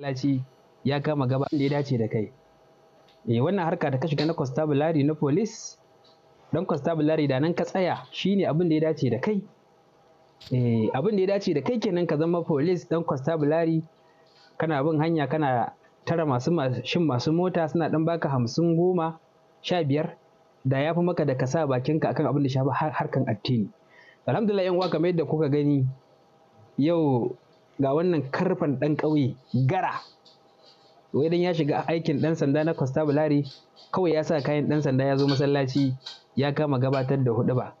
masallaci ya kama gaba da ya dace da kai eh wannan harka da ka shiga na constabulary na police don constabulary da nan ka tsaya shine abin da ya dace da kai eh abin da ya dace da kai kenan ka zama police dan constabulary kana bin hanya kana tara masu shin masu mota suna dan baka hamsin goma sha biyar da ya maka da ka sa bakinka akan abin da shafi harkan addini alhamdulillah yan uwa kamar yadda kuka gani yau ga wannan karfan ɗan ƙauye gara wai dan ya shiga aikin ɗan sanda na constabulary kawai ya sa kayan ɗan sanda ya zo masallaci ya kama gabatar da huɗu ba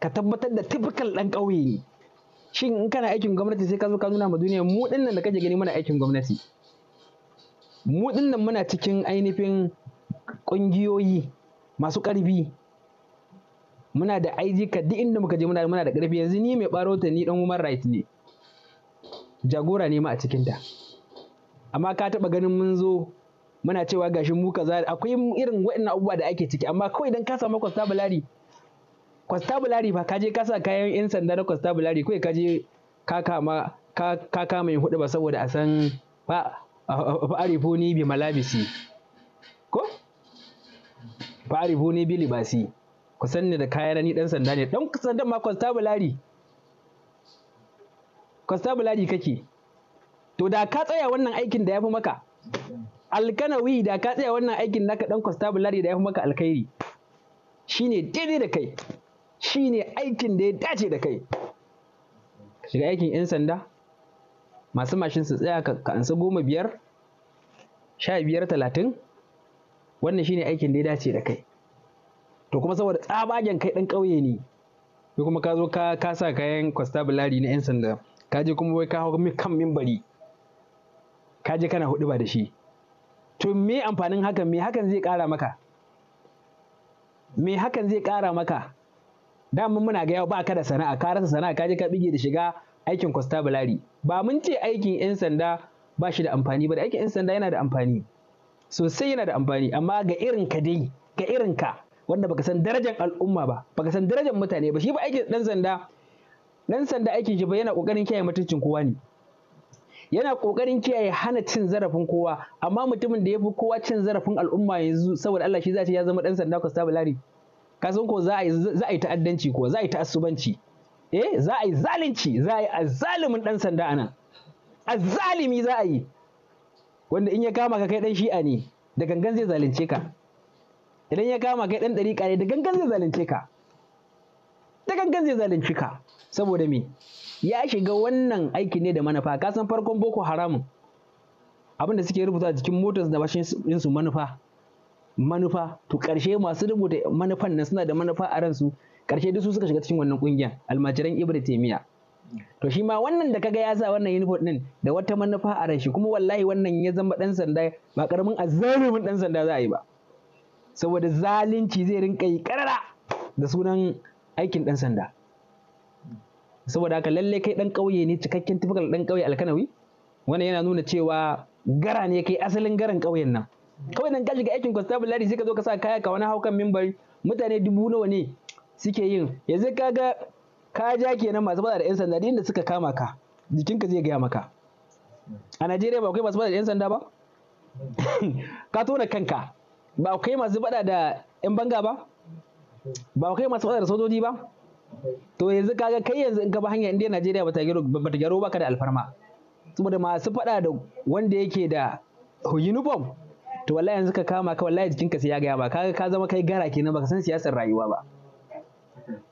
ka tabbatar da typical ɗan ƙauye ne shin in kana aikin gwamnati sai ka zo ka nuna ma duniya mu ɗin nan da kake gani muna aikin gwamnati mu ɗin nan muna cikin ainihin ƙungiyoyi masu ƙarfi muna da IG ka duk inda muka je muna da ƙarfi yanzu ni mai ɓaro ni ɗan human right ne jagora ne ma a cikinta amma ka taɓa ganin mun zo muna cewa gashi mu kaza akwai irin waɗannan abubuwa da ake ciki amma kawai idan ka samu constabulary constabulary fa kaje ka sa kayan yan sanda na constabulary kawai kaje ka kama ka ka kama yin hudu ba saboda a san fa fa'arifuni bi malabisi ko fa'arifuni bi libasi ku sanni da kayan ni dan sanda ne dan sanda ma constabulary constabulary kake to da ka tsaya wannan aikin da ya fi maka alkanawi da ka tsaya wannan aikin naka dan constabulary da ya fi maka alkhairi shine daidai da kai shine aikin da ya dace da kai ka shiga aikin 'yan sanda masu mashin su tsaya ka ansa goma biyar sha biyar talatin wannan shine aikin da ya dace da kai to kuma saboda tsabagen kai ɗan ƙauye ne ko kuma ka zo ka sa kayan constabulary na 'yan sanda ka je kuma wai ka hau kan mimbari ka je kana hudu ba da shi to me amfanin hakan me hakan zai ƙara maka me hakan zai ƙara maka dama muna ga yau ba ka da sana'a ka rasa sana'a ka je ka bige da shiga aikin constabulary ba mun ce aikin yan sanda ba shi da amfani ba da aikin yan sanda yana da amfani sosai yana da amfani amma ga irin ka dai ga irin ka wanda baka san darajar al'umma ba baka san darajar mutane ba shi ba aikin dan sanda nan sanda aikin shi ba yana kokarin kiyaye mutuncin kowa ne yana kokarin kiyaye hana cin zarafin kowa amma mutumin da ya fi kowa cin zarafin al'umma yanzu saboda Allah shi za ce ya zama dan sanda lari ka san ko za a yi za a yi ta'addanci ko za a yi ta'assubanci eh za a yi zalunci za a yi azzalumin dan sanda anan azzalimi za a yi wanda in ya kama ka kai dan shi'a ne da gangan zai zalunce ka idan ya kama kai dan dariƙa ne da gangan zai zalunce ka da gangan zai zalunce ka saboda me ya shiga wannan aikin ne da manufa ka san farkon boko haramun abinda suke rubuta jikin motarsu da bashin su manufa manufa to karshe masu rubuta manufan nan suna da manufa a ransu karshe duk su suka shiga cikin wannan kungiyar almajiran ibra taimiya to shi ma wannan da kaga ya sa wannan uniform din da wata manufa a ran shi kuma wallahi wannan ya zama dan sanda ba karamin azzalumin dan sanda za a yi ba saboda zalunci zai rinka yi karara da sunan aikin dan sanda saboda haka lalle kai dan ƙauye ne cikakken typical dan ƙauye alkanawi wani yana nuna cewa gara ne kai asalin garan ƙauyen nan kawai nan gashi ga aikin constable ladi sai ka zo ka sa kaya ka wani haukan mimbari mutane dubu nawa ne suke yin yanzu ka ga ka ja kenan masu bada da yan sanda da suka kama ka jikinka zai gaya maka a Najeriya ba akwai masu bada da yan sanda ba ka tona kanka ba akwai masu bada da yan banga ba ba akwai masu bada da sojoji ba to yanzu kaga kai yanzu in ka ba hanya indiya najeriya bata gyaro bata gyaro baka da alfarma saboda masu faɗa da wanda yake da uniform to wallahi yanzu ka kama ka wallahi jikinka sai ya gaya ba kaga ka zama kai gara kenan baka san siyasar rayuwa ba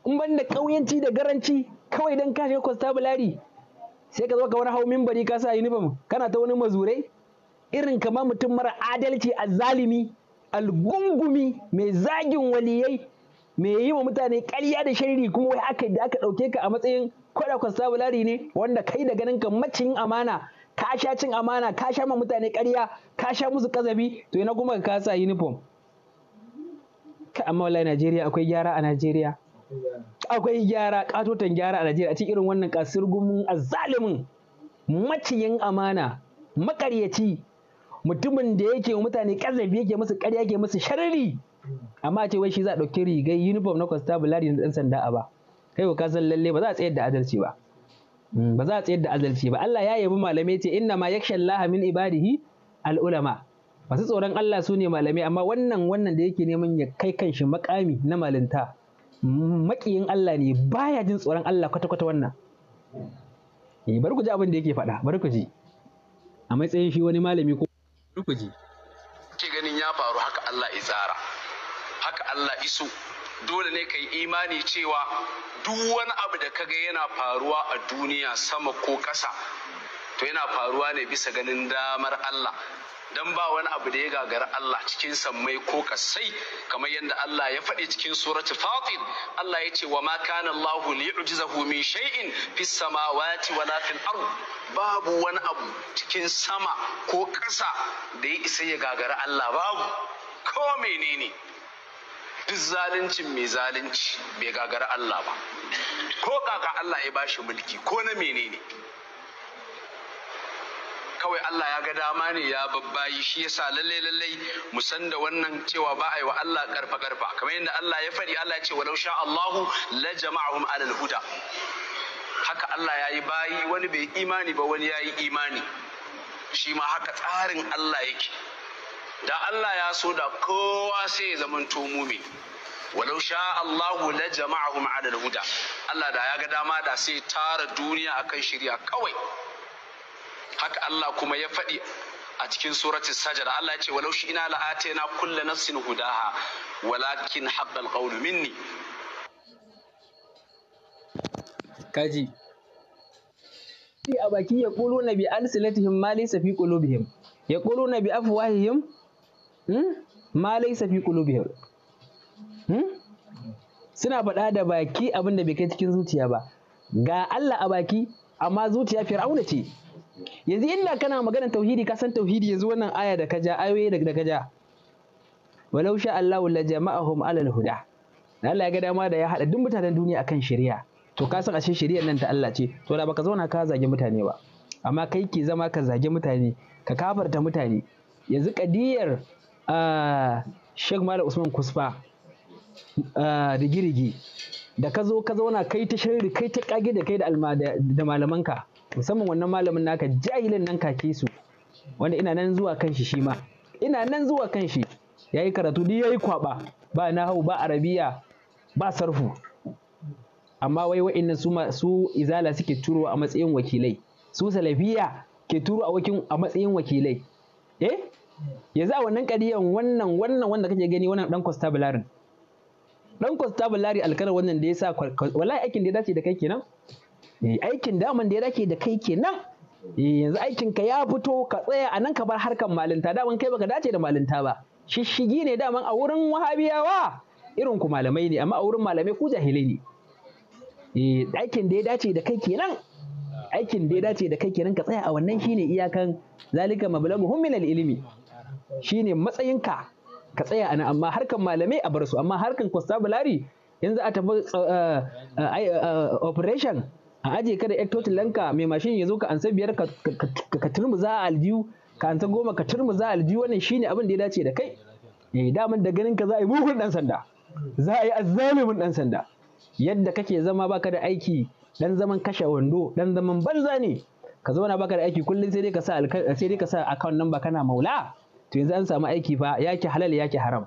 in ban da da garanci kawai dan kashe constabulary sai ka zo ka wani hau mimbari ka sa uniform kana ta wani mazurai irin kamar mutum mara adalci azzalimi algungumi mai zagin waliyai me yi wa mutane karya da sharri kuma wai aka da aka ɗauke ka a matsayin kwada bulari ne wanda kai da ganin ka macin amana ka sha cin amana ka sha ma mutane ƙarya ka sha musu kazabi to ina kuma ka sa uniform ka amma wallahi Najeriya akwai gyara a Najeriya akwai gyara katotan gyara a Najeriya a cikin irin wannan kasirgumin azzalumin maciyin amana makaryaci mutumin da yake mutane kazabi yake musu ƙarya yake musu sharri amma a ce wai shi za a ɗauki rigai uniform na constabulary na ɗan sanda a ba kai ka san lalle ba za a tsayar da adalci ba hmm, ba za a tsayar da adalci ba Allah ya yabi malamai ce inna ma yakhsha Allah min ibadihi al ulama masu tsoron Allah su ne malamai amma wannan wannan da yake neman ya kai kanshi makami na malinta makiyin Allah ne baya jin tsoron Allah kwata kwata wannan eh, bari ku ji abin da yake faɗa bari ku ji a matsayin shi wani malami ko bari ku ji ke ganin ya faru haka Allah ya tsara haka Allah iso dole ne ka yi imani cewa duk wani abu da kaga yana faruwa a duniya sama ko ƙasa to yana faruwa ne bisa ganin damar Allah dan ba wani abu da ya gagara Allah cikin sammai ko kasai kamar yadda Allah ya faɗi cikin suratul fatir Allah ya ce wa ma kana Allahu yu'jizahu min shay'in fis samawati wala fil ard babu wani abu cikin sama ko ƙasa da ya isa ya gagara Allah babu ko menene duk zaluncin mai zalunci bai gagara Allah ba ko kaka Allah ya bashi mulki ko na menene kawai Allah ya ga dama ne ya babbayi shi ya sa lalle lalle mu san da wannan cewa ba a yi wa Allah karfa karfa kamar yadda Allah ya faɗi Allah ya ce walau sha Allahu la jama'ahum alal huda haka Allah ya yi bayi wani bai imani ba wani ya yi imani shi ma haka tsarin Allah yake da Allah ya so da kowa sai ya zama tumumi walau sha Allahu la jama'ahum ala al-huda Allah da ya ga dama da sai tara duniya akan shirya kawai haka Allah kuma ya faɗi a cikin surati sajada Allah ya ce walau shi ina la'atina kulla nafsin hudaha walakin habbal qawlu minni kaji a baki ya kulu Nabi bi alsilatihim ma laysa fi qulubihim ya kulu Nabi afwahihim Hmm? ma laisa fi qulubihim hmm? suna faɗa da baki abin da bai kai cikin zuciya ba ga Allah a baki amma zuciya fir'auna ce yanzu inda kana maganar tauhidi ka san tauhidi yanzu wannan aya da kaja ayoyi da kaja walau sha Allahu la jama'ahum alal huda Allah ya ga dama da ya haɗa duk mutanen duniya akan shari'a to ka san ashe shari'ar nan ta Allah ce to da baka zauna ka zage mutane ba amma kai ke zama ka zage mutane ka kafarta mutane yanzu kadiyar Ah, Sheikh Malam Usman Kusfa rigirigi ah, da ka zo ka zauna kai ta shirri kai ta kage da kai da malamanka musamman wannan malamin naka jahilin nan kake su wanda ina nan zuwa kan shi ma ina nan zuwa kan shi yi karatu duk yi kwaba ba na hau ba arabiya ba sarfu amma wai wa'annan su su izala suke turo a matsayin wakilai su salafiya ke turo a wakin a matsayin wakilai eh yanzu a wannan ƙadiyan wannan wannan wanda kake gani wannan dan constabulary ɗan constabulary alkara wannan da ya sa wallahi aikin da ya dace da kai kenan eh, aikin daman da ya dace da kai kenan eh, yanzu aikin ka ya fito ka tsaya a nan ka bar harkar malinta daman kai baka dace da malinta ba shishigi ne daman a wurin wahabiyawa irin ku malamai ne amma a wurin malamai ku jahilai ne eh, aikin da ya dace da kai kenan aikin da ya dace da kai kenan ka tsaya a wannan shine iyakan zalika mablaguhum min al-ilmi shine matsayinka ka tsaya ana amma harkan malamai a bar su amma harkan constabulary yanzu a tafi eh, eh, eh, operation a aje ka da ectotin lanka mai mashin ya zo ka ansa biyar ka turmuza a aljiyu ka ansa goma ka turmuza a aljiyu wannan shine abin da ya dace da kai eh daman da ganin ka za a yi mugun dan sanda za a yi azzalumin dan sanda yadda kake zama baka da aiki dan zaman kashe wando dan zaman banza ne ka zauna baka da aiki kullum sai dai ka sa sai dai ka sa account number kana maula to yanzu an samu aiki fa yake halal yake haram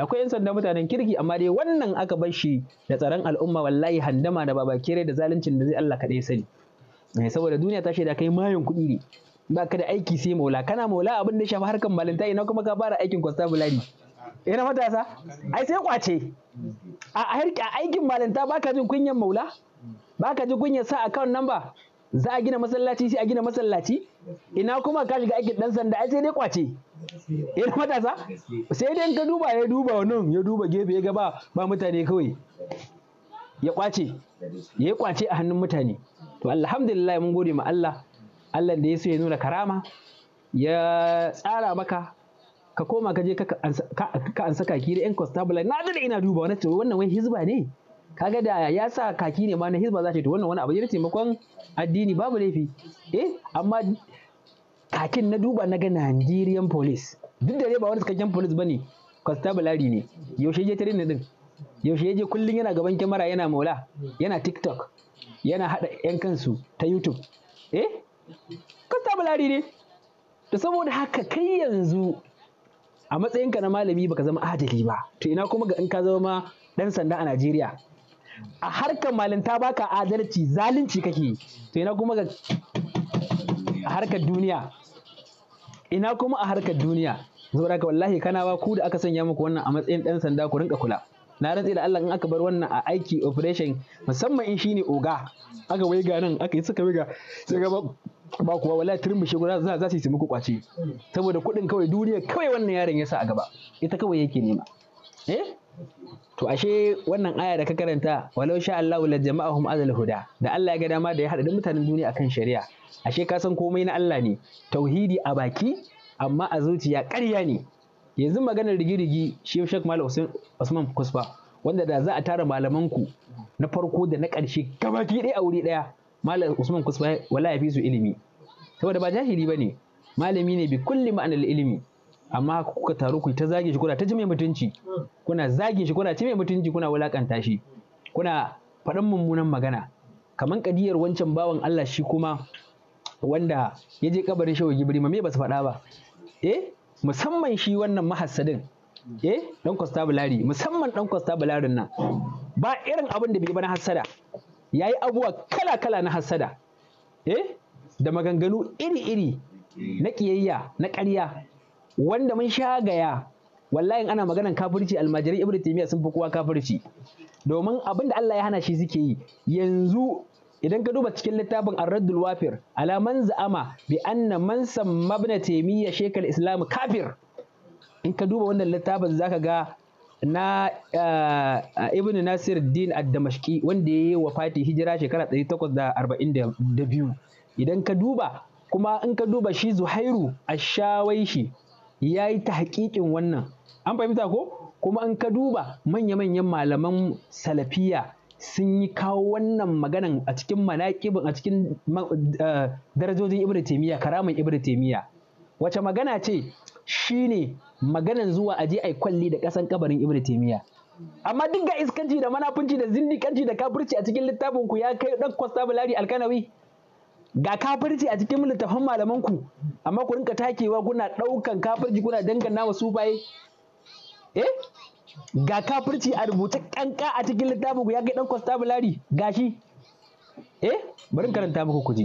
akwai yan sanda mutanen kirki amma dai wannan aka bar shi da tsaron al'umma wallahi handama da babakere da zaluncin da zai Allah kaɗai sani eh, saboda duniya ta shaida kai mayan kuɗi ne ba ka da aiki sai maula kana maula abin da ya shafi harkan malinta ina kuma ka fara aikin constabulary ina matasa ai sai kwace a aikin malinta baka jin kunyan maula baka jin kunyan sa account number za a gina masallaci sai a gina masallaci ina kuma ka shiga aikin dan sanda ai sai dai kwace eh matasa sai dai ka duba ya duba nan ya duba gefe ya gaba ba mutane kawai ya kwace ya kwace a hannun mutane to alhamdulillah mun gode ma Allah Allah da ya so ya nuna karama ya tsara maka ka koma ka je ka an saka kire constable na da ina duba wannan wannan wai hizba ne kaga da ya sa kaki ne ma na hizba za ta to wannan wani abu ne taimakon addini babu laifi eh amma kakin na duba na ga Nigerian police duk da dai ba wani cikakken police bane constabulary ne yaushe je tare ne din yaushe je kullun yana gaban kyamara yana Mola, yana tiktok yana hada yan kansu ta youtube eh constabulary ne to saboda haka kai yanzu a matsayinka na malami baka zama adali ba to ina kuma ga in ka zama dan sanda a Najeriya a harkar malinta baka adalci zalunci kake to ina kuma ga harkar duniya ina kuma a harkar duniya saboda ka wallahi kana ba ku da aka sanya muku wannan a matsayin dan sanda ku rinka kula na rantsi da Allah in aka bar wannan a aiki operation musamman in shine oga aka waiga nan aka yi suka waiga sai ga ba kuwa wala turmushi guda za za su yi muku kwace saboda kuɗin kawai duniya kawai wannan yaron ya sa a gaba ita kawai yake nema eh to ashe wannan aya da ka karanta walau sha Allahu la jama'ahum azal huda da Allah ya ga dama da ya haɗa mutanen duniya akan shari'a ashe ka san komai na Allah ne tauhidi a baki amma a zuciya ƙarya ne yanzu maganar rigirigi shi Sheikh Malam Usman Kusfa wanda da za a tara malaman ku na farko da na ƙarshe gabaki ɗaya a wuri ɗaya Malam Usman Kusfa wala ya fi su ilimi saboda ba jahili bane malami ne bi kulli ma'anar ilimi amma kuka taru ku ta zage shi kuna ta ji mai mutunci kuna zage shi kuna ci mai mutunci kuna wulakanta shi kuna faɗin mummunan magana kamar kadiyar wancan bawan Allah shi kuma wanda ya je kabarin shehu ma me ba su faɗa ba eh musamman shi wannan mahassadin eh dan constabulary musamman dan constabularin nan ba irin abin da bai ba na hassada yayi abuwa kala kala na hassada eh da maganganu iri iri na kiyayya na ƙarya wanda mun sha gaya wallahi ana maganan kafirci almajirai ibnu taymiya sun fi kowa kafirci domin abin da Allah ya hana shi suke yi yanzu idan ka duba cikin littafin ar-raddul wafir ala man za'ama bi anna man samma ibnu taymiya islam kafir in ka duba wannan littafin zaka ga na eh, ibn nasir din ad-damashqi wanda yayi wafati hijira shekara 842 idan ka duba kuma in ka duba shi zuhairu ash-shawaishi ya yi ta haƙiƙin wannan an fahimta ko kuma in ka duba manya-manyan malaman salafiya sun yi kawo wannan maganan a cikin manaƙibin a cikin eh, darajojin ibn taimiyya karamin ibn taimiyya wace magana ce shine maganan zuwa a ai kwalli da ƙasan kabarin ibn taimiyya amma duk ga iskanci da manafunci da zindikanci da kafirci a cikin littafinku ya kai dan kwastabulari alkanawi ga kafirci a cikin littafan malaman ku amma ku rinka takewa kuna ɗaukan kafirci kuna dangana wa su baye eh ga kafirci a rubuta kanka a cikin littafin ku ya kai dan constabulary gashi eh bari karanta muku kuje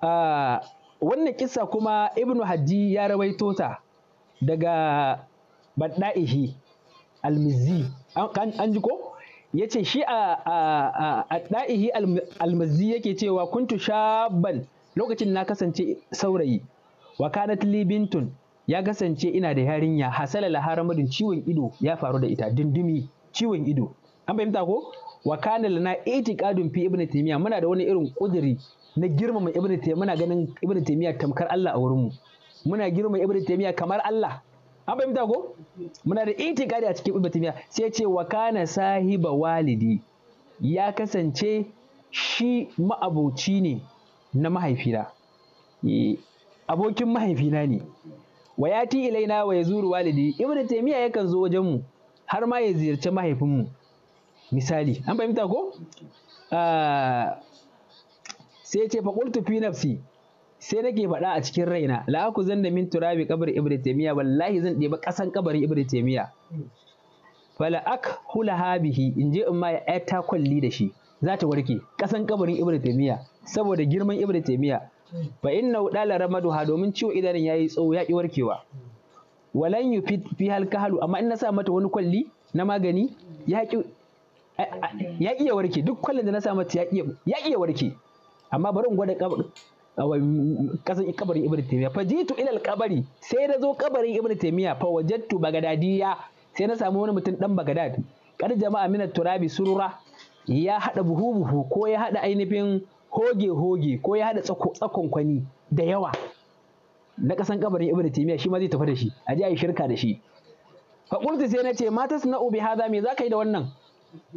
a ah, wannan kissa kuma ibnu hajji ya rawaito ta daga badda'ihi almizi an ji ko ya ce shi a ɗa'ihi almazi yake cewa kuntu shaban lokacin na kasance saurayi wa kanat libintun ya kasance ina da yarinya hasala laharamadin ciwon ido ya faru da ita dindimi ciwon ido an fahimta ko wa kana lana itiqadun fi ibnu taymiya muna da wani irin kudiri na girmama ibnu taymiya muna ganin ibnu taymiya tamkar Allah a wurin mu muna girmama ibnu taymiya kamar Allah an fahimta ko muna da itikadi a cikin ibnu taymiya sai ce wa kana sahiba walidi ya kasance shi ma'aboci ne na mahaifina e, abokin mahaifina ne wa ti ilaina wa ya zuru walidi ibnu taymiya yakan zo wajen mu har ma ya ziyarci mahaifinmu misali an fahimta ko ah, sai ce faƙultu fi nafsi sai nake faɗa a cikin raina la aku zan da min turabi kabar ibnu taymiya wallahi zan ɗeba ƙasan kabarin ibnu taymiya fala ak hula habihi in je in ma ya ta kwalli da shi za ta warke ƙasan kabarin ibnu taymiya saboda girman ibnu taymiya fa inna udala ramaduha domin ciwo idanun yayi tsawo ya ki warkewa walan yu fi halkahalu amma in na sa mata wani kwalli na magani ya ki ya iya warke duk kwallin da na sa mata ya iya warke amma bari in gwada kasan kabarin ibn taymiya fa jitu ila kabari sai na zo kabarin ibn taymiya fa wajadtu bagadadiya sai na samu wani mutum dan bagadad kar jama'a minat turabi surura ya hada buhu buhu ko ya hada ainihin hoge hoge ko ya hada tsakon kwani da yawa na kasan kabarin ibn taymiya shi ma zai tafi da shi a je shirka da shi fa qultu sai na ce ma tasna'u bi hadha me zaka yi da wannan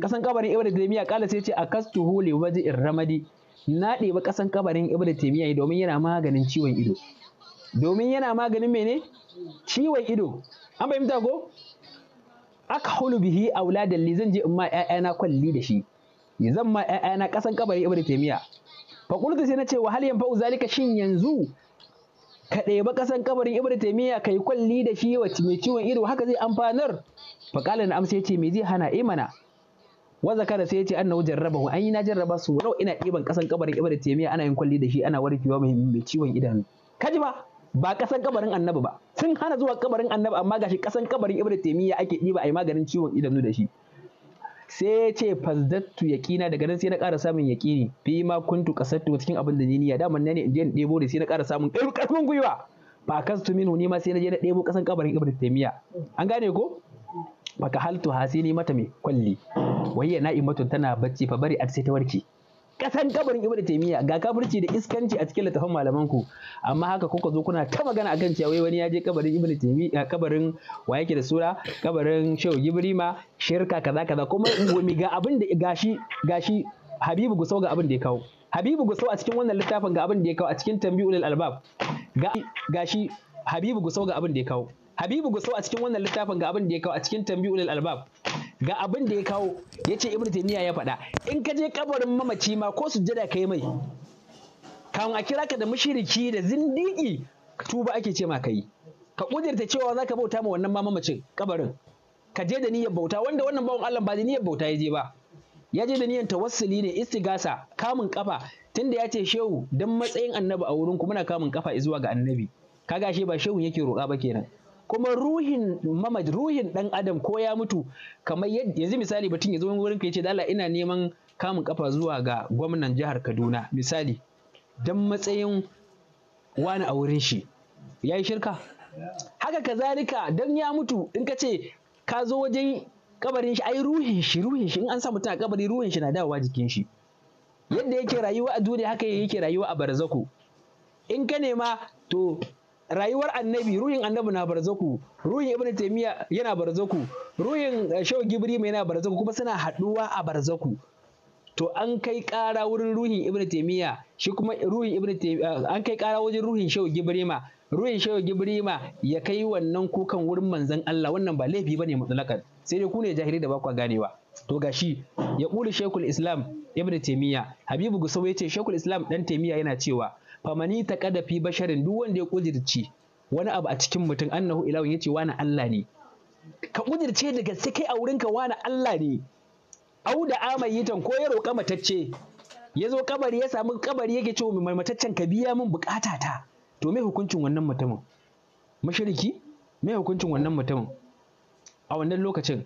kasan kabarin ibn taymiya kala sai ce akastuhu li wajhi ramadi na ɗebi ƙasan kabarin ibn taimiya domin yana maganin ciwon ido domin yana maganin mene ciwon ido an fahimta ko aka hulu bihi auladan li zan je in ma ƴaƴana kwalli da shi zan ma ƴaƴana ƙasan kabarin ibn taimiya fa qultu sai na ce wa hal fa'u zalika shin yanzu ka ɗeba ƙasan kabarin ibn ka yi kwalli da shi wa mai ciwon ido haka zai amfanar fa qala na amsa yace me zai hana imana eh wa zakara sai yace annahu jarrabahu an yi na jarraba su walau ina ɗiban ƙasan kabarin ibnu taymiya ana yin kwalli da shi ana warkewa muhimmin mai ciwon idanu kaji ba ba ƙasan kabarin annabi ba sun hana zuwa kabarin annabi amma gashi ƙasan kabarin ibnu taymiya ake ɗiba ai maganin ciwon idanu da shi sai yace ce fasdattu yaƙina daga nan sai na ƙara samun yaƙini fi ma kuntu kasattu cikin abin da niyya daman ne in je in ɗebo da sai na ƙara samun ƙarfin gwiwa ba kastu minu ma sai na je na ɗebo ƙasan kabarin ibnu an gane ko baka haltu ha mata me kwalli wayya na'imatun tana bacci fa bari a sai ta warke kasan kabarin ibnu taymiya ga kafirci da iskanci a cikin littafin malaman ku amma haka kuka zo kuna ta magana akan cewa wai wani ya je kabarin ibnu taymiya kabarin wa yake da sura kabarin shehu ibrima shirka kaza kaza kuma ga abin da gashi gashi habibu gusa ga abin da ya kawo habibu gusa a cikin wannan littafin ga abin da ya kawo a cikin tambiul albab gashi habibu gusa ga abin da ya kawo habibu gusa a cikin wannan littafin ga abin da ya kawo a cikin tambiul albab ga abin da ya kawo ya ce ibn taymiya ya faɗa in ka je kabarin mamaci ma ko sujjada ka yi mai kan a kira ka da mushiriki da zindiki tuba ake ce ma ka yi ka kudirta cewa zaka bauta ma wannan mamacin kabarin ka je da niyyar bauta wanda wannan bawon Allah ba da niyyar bauta ya je ba ya je da niyyar tawassuli ne istigasa kamun kafa tunda ya ce shehu dan matsayin annabi a wurin ku muna kamun kafa zuwa ga annabi kaga she ba shehun yake roƙa ba kenan kuma ruhin mamad ruhin dan adam ko ya mutu kamar yanzu misali batun ya zo wurin ka ce, da ina neman kamun kafa zuwa ga gwamnan jihar Kaduna misali dan matsayin wani a wurin shi Ya yi shirka haka ka kazalika dan ya mutu in ka ce ka zo wajen kabarin shi ai ruhin shi ruhin shi in an sa mutum a kabari ruhin shi na dawowa jikin shi yadda yake rayuwa a duniya haka yake rayuwa a barzaku in ka nema to rayuwar annabi ruhin annabi na barzaku ruhin ibnu taymiya yana barzaku ruhin eh, shehu gibri mai yana barzaku kuma suna haɗuwa a barzaku to an kai kara wurin ruhin ibnu taymiya shi kuma ruhin ibnu eh, an kai ƙara wajen ruhin shehu gibrima ruhin shehu gibrima ya kai wannan kukan wurin manzon Allah wannan ba laifi bane mutlaqan sai dai ku ne jahili da ba ku ganewa to gashi ya ƙuli shaykhul islam ibnu taymiya habibu gusau yace shaykhul islam dan taymiya yana cewa famani ta kadafi basharin duk wanda ya kujirci wani abu a cikin mutum annahu ya ce, wani Allah ne ka kujirce daga gaske kai a wurinka wani Allah ne au da yi ko ya roƙa matacce ya zo kabari ya samu kabari yake ce mai mataccen ka biya min bukata ta to me hukuncin wannan mutumin mushriki me hukuncin wannan mutumin a wannan lokacin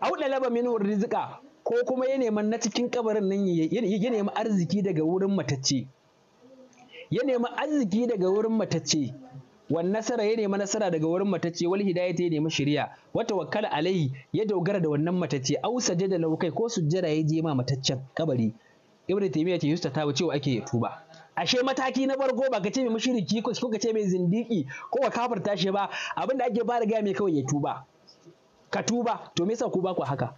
au da laba min rizika. ko kuma ya neman na cikin kabarin nan ya nemi arziki daga wurin matacce ya nemi arziki daga wurin matacce wa nasara ya nemi nasara daga wurin matacce wal hidayata ya nemi shari'a Wata tawakkala alaihi ya dogara da wannan matacce au sajada lahu kai ko sujjada ya je ma mataccen kabari ibnu taymiya ce yusta ta cewa ake ya tuba ashe mataki na farko ba ka ce mai mushriki ko ka ce mai zindiki ko ka kafirta shi ba abinda ake fara ga mai kawai ya tuba ka tuba to me yasa ku ba ku haka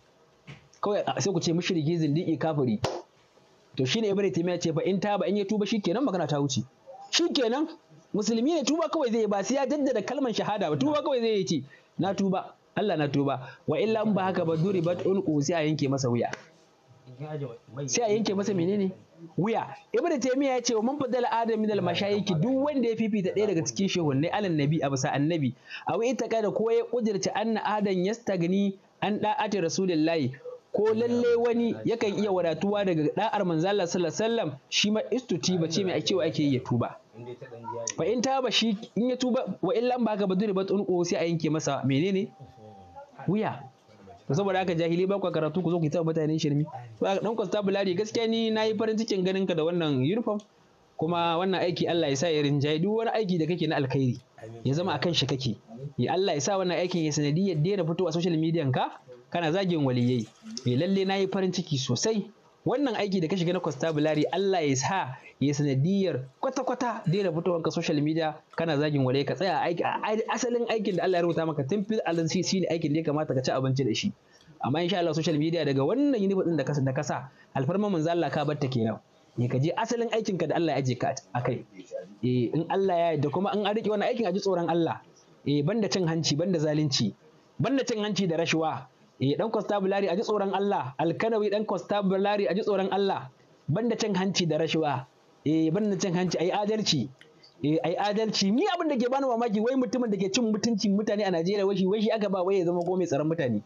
kawai sai ku ce mushriki zindiki kafiri to shine ibn taymiya ce fa in ta ba? in ya tuba shikenan magana ta wuce shikenan musulmi ne tuba kawai zai ba sai ya jaddada kalmar shahada ba tuba kawai zai ce na tuba Allah na tuba wa illa in ba haka ba duri ba ulqu sai a yanke masa wuya sai a yanke masa menene wuya ibn taymiya ya ce man fadala adam min al mashayiki duk wanda ya fifita ɗaya daga cikin shehunnai alan nabi a bisa annabi aw ita kada ko ya kujirta anna adam yastagni an da'ati rasulillahi ko lalle wani yakan iya wadatuwa daga da'ar manzala sallallahu alaihi shi ma ce mai cewa ake yi ya tuba fa in ba shi in ya tuba wa illa ba ka baduri ba tsunko sai a yanke masa menene wuya to saboda haka jahili ba ku karatu ku zo ku ta mutanen shirmi dan constabulary gaskiya ni nayi farin cikin ganin ka da wannan uniform kuma wannan aiki Allah ya sa ya rinjaye duk wani aiki da kake na alkhairi ya zama akan shi kake ya Allah ya sa wannan aikin ya sanadiyar daina fito a social media ka kana zagin waliyai Me eh, lalle na yi farin ciki sosai wannan aiki da ka shiga na constabulary Allah ya sa ya sanadiyar kwata-kwata daina fitowanka social media kana zagin waliyai ka tsaya aiki asalin aikin da Allah ya rubuta maka tun fil alansi shi ne aikin da ya kamata ka ci abinci da shi amma insha Allah social media daga wannan universe din da ka da kasa alfarma manzo Allah ka bar ta kenan ya eh, ka je asalin aikin ka da Allah ya aje ka kai. eh in Allah ya Da kuma in an rike wannan aikin a ji tsoron Allah eh banda cin hanci banda zalunci banda cin hanci da rashuwa eh dan constabulary a ji tsoron Allah alkanawi dan constabulary a ji tsoron Allah banda cin hanci da rashuwa. eh banda cin hanci yi adalci eh yi adalci ni abin da ke bani mamaki wai mutumin da ke cin mutuncin mutane a Najeriya wai shi wai shi aka ba wai ya zama gome tsaron mutane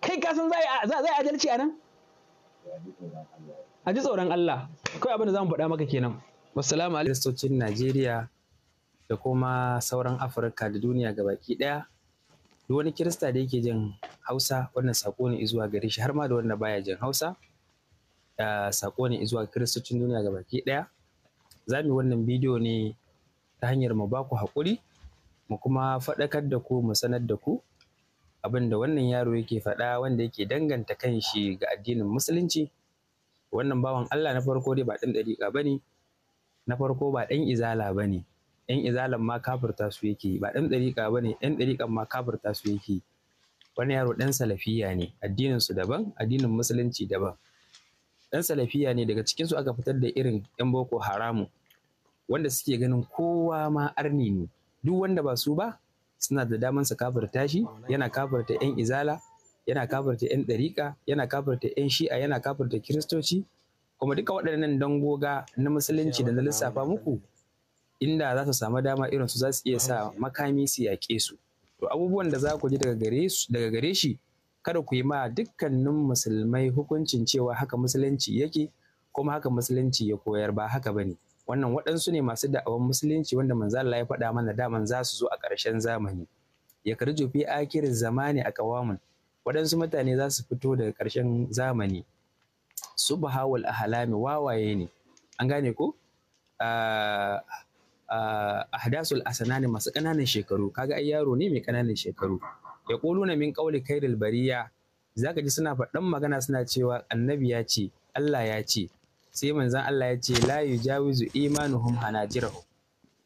kai ka san za a yi adalci a nan a ji tsoron Allah kai abin da zamu faɗa maka kenan wassalamu alaikum Najeriya da kuma sauran Afirka da duniya gabaki ɗaya duk wani kirista da yake jin hausa wannan sako ne izuwa gare shi har ma da wanda baya jin hausa sako ne izuwa kiristocin duniya ga baki ɗaya za mu wannan bidiyo ne ta hanyar mu ba ku haƙuri mu kuma faɗakar da ku mu sanar da ku abin da wannan yaro yake faɗa wanda yake danganta kan shi ga addinin musulunci wannan bawan Allah na farko dai ba ɗan ɗariƙa ba ne na farko ba ɗan izala ba ne yan izalan ma kafirta su yake ba ɗan ɗariƙa ba ne yan ɗariƙan ma kafirta su yake wani yaro ɗan salafiya ne addinin su daban addinin musulunci daban ɗan salafiya ne daga cikin su aka fitar da irin yan boko haramu wanda suke ganin kowa ma arni ne duk wanda ba su ba suna da daman su kafirta shi yana kafirta yan izala yana kafirta yan ɗariƙa yana kafirta yan shi'a yana kafirta kiristoci kuma duka waɗannan dangoga na musulunci da na lissafa muku inda za su samu dama irin su za su iya sa makami su yaƙe su to abubuwan da za ku ji daga gare shi kada ku yi ma dukkanin musulmai hukuncin cewa haka musulunci yake kuma haka musulunci ya koyar ba haka bane wannan waɗansu ne masu da'awan musulunci wanda manzo Allah ya faɗa mana daman za su zo a ƙarshen zamani ya karju fi akirin zamani a ƙawamun waɗansu mutane za su fito daga ƙarshen zamani subhawul ahlami wawaye ne an gane ko ah, hadasul asanani masu ƙananan shekaru kaga ai yaro ne mai ƙananan shekaru ya na min ƙauli kairil bariya zaka ji suna faɗan magana suna cewa annabi ya ce Allah ya ce sai manzon Allah ya ce la yujawizu imanuhum hanajirahu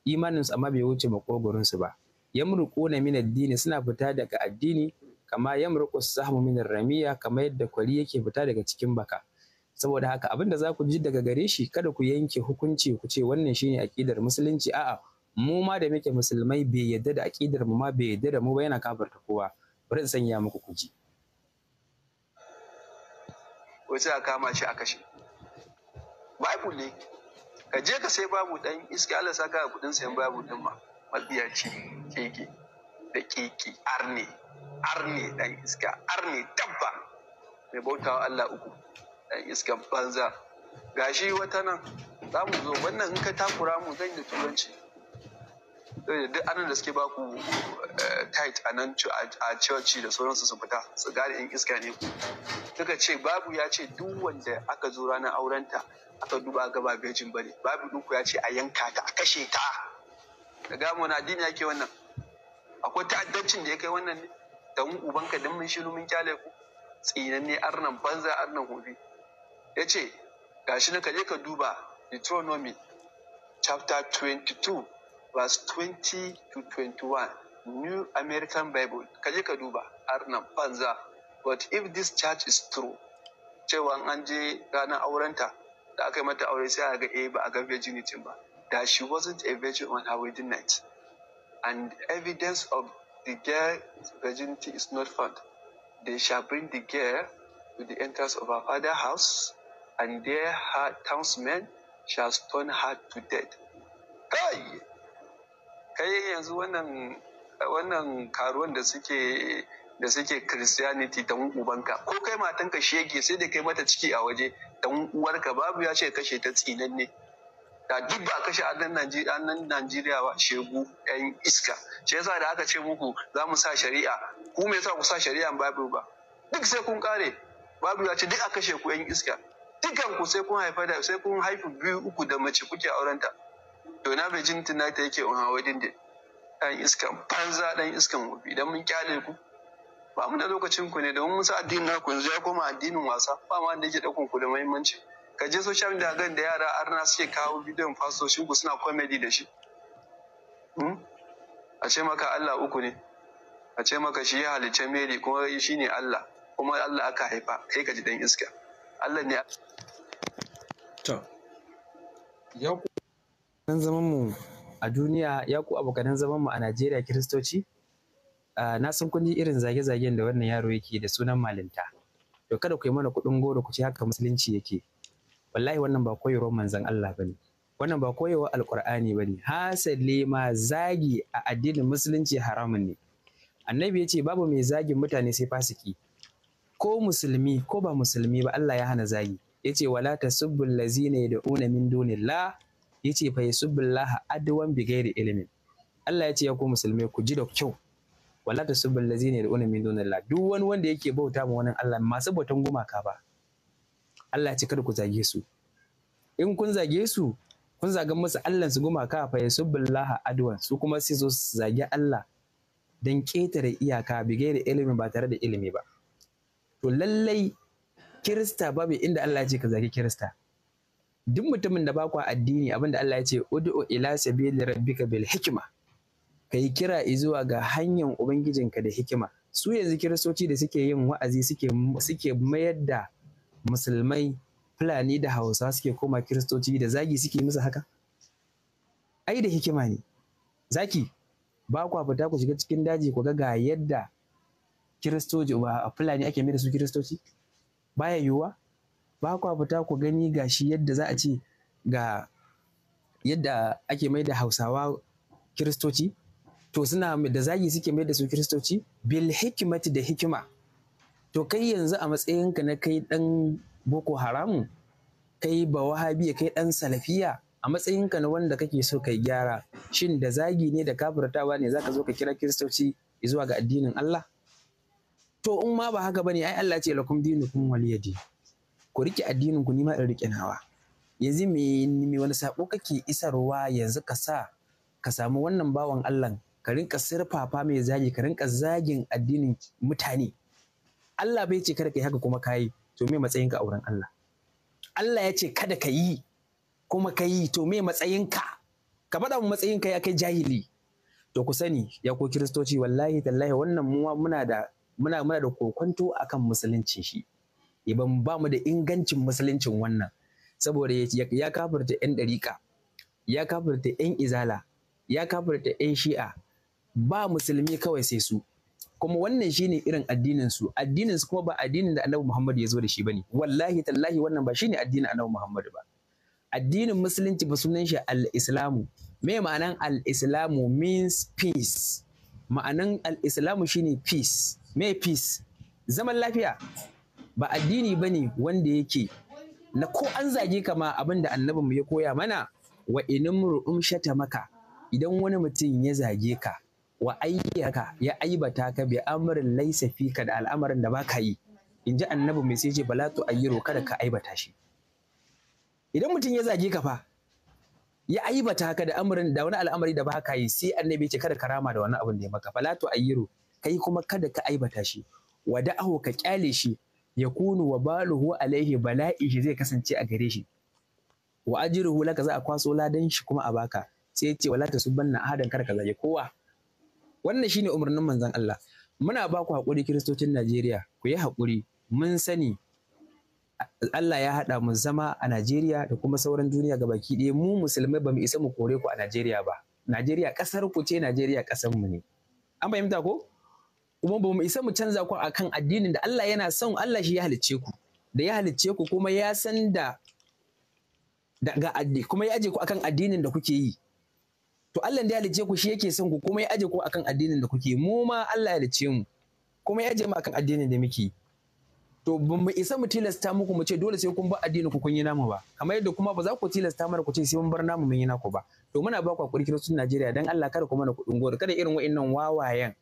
imanin su amma bai wuce makogoron su ba na min addini suna fita daga addini kama yamruqu sahmu min ramiya kama yadda kwari yake fita daga cikin baka saboda haka abin da za ku ji daga gare shi kada ku yanke hukunci ku ce wannan shine aƙidar musulunci a'a mu ma da muke musulmai bai yadda da aƙidar mu ma bai yadda da mu ba yana kafarta kowa bari in sanya muku kuji ko sai a kama shi a kashe bible ne ka je ka sai babu dan iska Allah saka kudin sayan babu din ma ce keke da keke arne arne dan iska arne dabba mai bautawa Allah uku dan iskan banza gashi wata nan za mu zo wannan in ka takura mu zan yi turanci eh, duk anan da suke baku eh, tight a nan a coci da sauransu su fita su gane in iska ne ku suka ce babu ya ce duk wanda aka zo ranar aurenta aka duba gaba bejin ne, babu duku ya ce a yanka ta a kashe ta da gamu na addini yake wannan akwai ta'addancin da ya kai wannan ne da ubanka dan mun shiru mun kyale ku tsinanne arnan banza arnan hobi ya gashi kaje ka duba deuteronomy chapter 22 verse 20 to 21 new american bible kaje ka duba arnan but if this church is true cewa an je ranar aurenta da aka yi mata aure sai a ga eh ba a ga virginity ba that she wasn't a virgin on her wedding night and evidence of the girl's virginity is not found they shall bring the girl to the entrance of her father's house and there her townsmen shall stone her to death. Kai! Kai yanzu wannan wannan karuwan da suke da suke Christianity ta ubanka ko kai matanka shi sai da kai mata ciki a waje ta uwarka babu ya ce kashe ta tsinan ne da duk ba kashe a Najeriya annan Najeriya ba shegu yan iska shi yasa da aka ce muku za mu sa shari'a ku me yasa ku sa shari'a babu ba duk sai kun kare babu ya ce duk a kashe ku yan iska dukan ku sai kun haifa da sai kun haifi biyu uku da mace kuke aurenta to na bai jin tana ta yake unha wadin da dan iskan banza dan iskan wofi idan mun kyale ku ba mu da lokacin ku ne domin musa addinin naku yanzu ya koma addinin wasa ba ma da yake daukan ku da muhimmanci ka je social media gan da yara arna suke kawo bidiyon fasoshin ku suna comedy da shi hmm? a ce maka Allah uku ne a ce maka shi ya halicce Mary kuma shi ne Allah kuma Allah aka haifa kai ka ji dan iska Allah ne to ya ku zaman mu a duniya ya ku abokanan zaman mu a Najeriya Kiristoci na san kun ji irin zage-zagen da wannan yaro yake da sunan malinta to kada ku yi mana kuɗin goro ku ce haka musulunci yake wallahi wannan ba koyarwar manzon Allah bane wannan ba koyarwar alkur'ani bane hasali ma zagi a addinin musulunci haramun ne annabi ya ce babu mai zagin mutane sai fasiki ko musulmi ko ba musulmi ba Allah ya hana zagi Ya ce wala ne da una min dunillah yace fa laha adwan bighairi ilmin Allah ya ce, ya ku musulmi ku ji da kyau wala ne da una min dunillah duk wani wanda yake bauta ma wani Allah masu bautan gumaka ba Allah ce kada ku zage su in kun zage su kun zagan musu Allah su gumaka fa laha adwan su kuma sai zo su zage Allah dan ketare iyaka bighairi ilmin ba tare da ilimi ba to lallai kirista babu inda Allah ya ce ka zaki kirista duk mutumin da bakwa addini abinda Allah ya ce ud'u ila sabili rabbika bil hikma kai kira izuwa ga hanyar ubangijinka da hikima su yanzu kiristoci da suke yin wa'azi suke suke mayar da musulmai fulani da hausa suke koma kiristoci da zagi suke musu haka ai da hikima ne zaki ba kwa fita ku shiga cikin daji ku ga ga yadda kiristoci ba fulani ake mai da su kiristoci baya yiwuwa ba kwa fita ku gani gashi yadda za a ce ga yadda ake mai da hausawa kiristoci to suna da zagi suke mai da su kiristoci bil hikimati da hikima to kai yanzu a matsayinka na kai dan boko haramu kai ba wahabi kai dan salafiya a matsayinka na wanda kake so kai gyara shin da zagi ne da kafirtawa ne zaka zo ka kira kiristoci zuwa ga addinin Allah to in ma ba haka bane ai Allah ce lakum dinukum waliyadi ku rike addinin ku nima in rike nawa yanzu me me wani sako kake isarwa yanzu ka sa ka samu wannan bawan Allah ka rinka sirfafa mai zagi ka rinka zagin addinin mutane Allah bai ce kada kai haka kuma kai to me matsayinka a wurin Allah Allah ya ce kada ka yi kuma ka yi to me matsayinka ka faɗa mu matsayinka ya kai jahili to ku sani ya ko kiristoci wallahi tallahi wannan muwa muna da muna muna da kokwanto akan musuluncin shi iban ba mu da ingancin musuluncin wannan saboda ya kafarta yan ɗariƙa ya kafarta yan izala ya kafarta yan shi'a ba musulmi kawai sai su kuma wannan shine irin addinin su kuma ba addinin da Annabi Muhammad ya zo da shi bane wallahi tallahi wannan ba shine addinin Annabi Muhammad ba addinin musulunci ba sunan shi al-islamu me ma'anan al-islamu means peace ma'anan al shine peace may peace zaman lafiya ba addini ba ne wanda yake na ko an zage ka ma abin da annabinmu ya koya mana wa inin mur'um shata maka idan wani mutum ya zage ka wa ayyaka ya aibata ka bi amrin laisa fika da al'amarin da ba ka yi in ji annabi mai sai ce bala tu ayyiro kada ka aibata shi idan mutum ya zage ka fa ya aibata ka da amrin da wani al'amari da ba ka yi sai annabi ce kada ka rama da wani abin da ya maka bala tu ayyiro kai kuma kada ka aibata shi wa da'ahu ka kyale shi ya kunu wa baluhu alaihi bala'i shi zai kasance a gare shi wa ajruhu laka za a kwaso ladan shi kuma a baka sai ya ce wala tasubanna ahadan kar ka zage kowa wannan shine umarnin manzon Allah muna ba ku haƙuri kiristocin Najeriya ku yi hakuri mun sani Allah ya haɗa mu zama a Najeriya da kuma sauran duniya ga baki ɗaya mu musulmai ba mu isa mu kore ku a Najeriya ba Najeriya ƙasar ku ce Najeriya ƙasar mu ne an fahimta ko kuma ba mu isa mu canza ku akan addinin da Allah yana son Allah shi ya halicce ku da ya halicce ku kuma ya san da daga addini kuma ya aje ku akan addinin da kuke yi to Allah da ya halicce ku shi yake son ku kuma ya aje ku akan addinin da kuke mu ma Allah ya halicce mu kuma ya aje mu akan addinin da muke to ba mu isa mu tilasta muku mu ce dole sai kun ba addinin ku kun yi namu ba kamar yadda kuma ba za ku tilasta mana ku ce sai mun bar namu mun yi naku ba to muna ba ku hakuri kiristun Najeriya dan Allah kada ku mana kuɗin gore kada irin wa'annan wawayen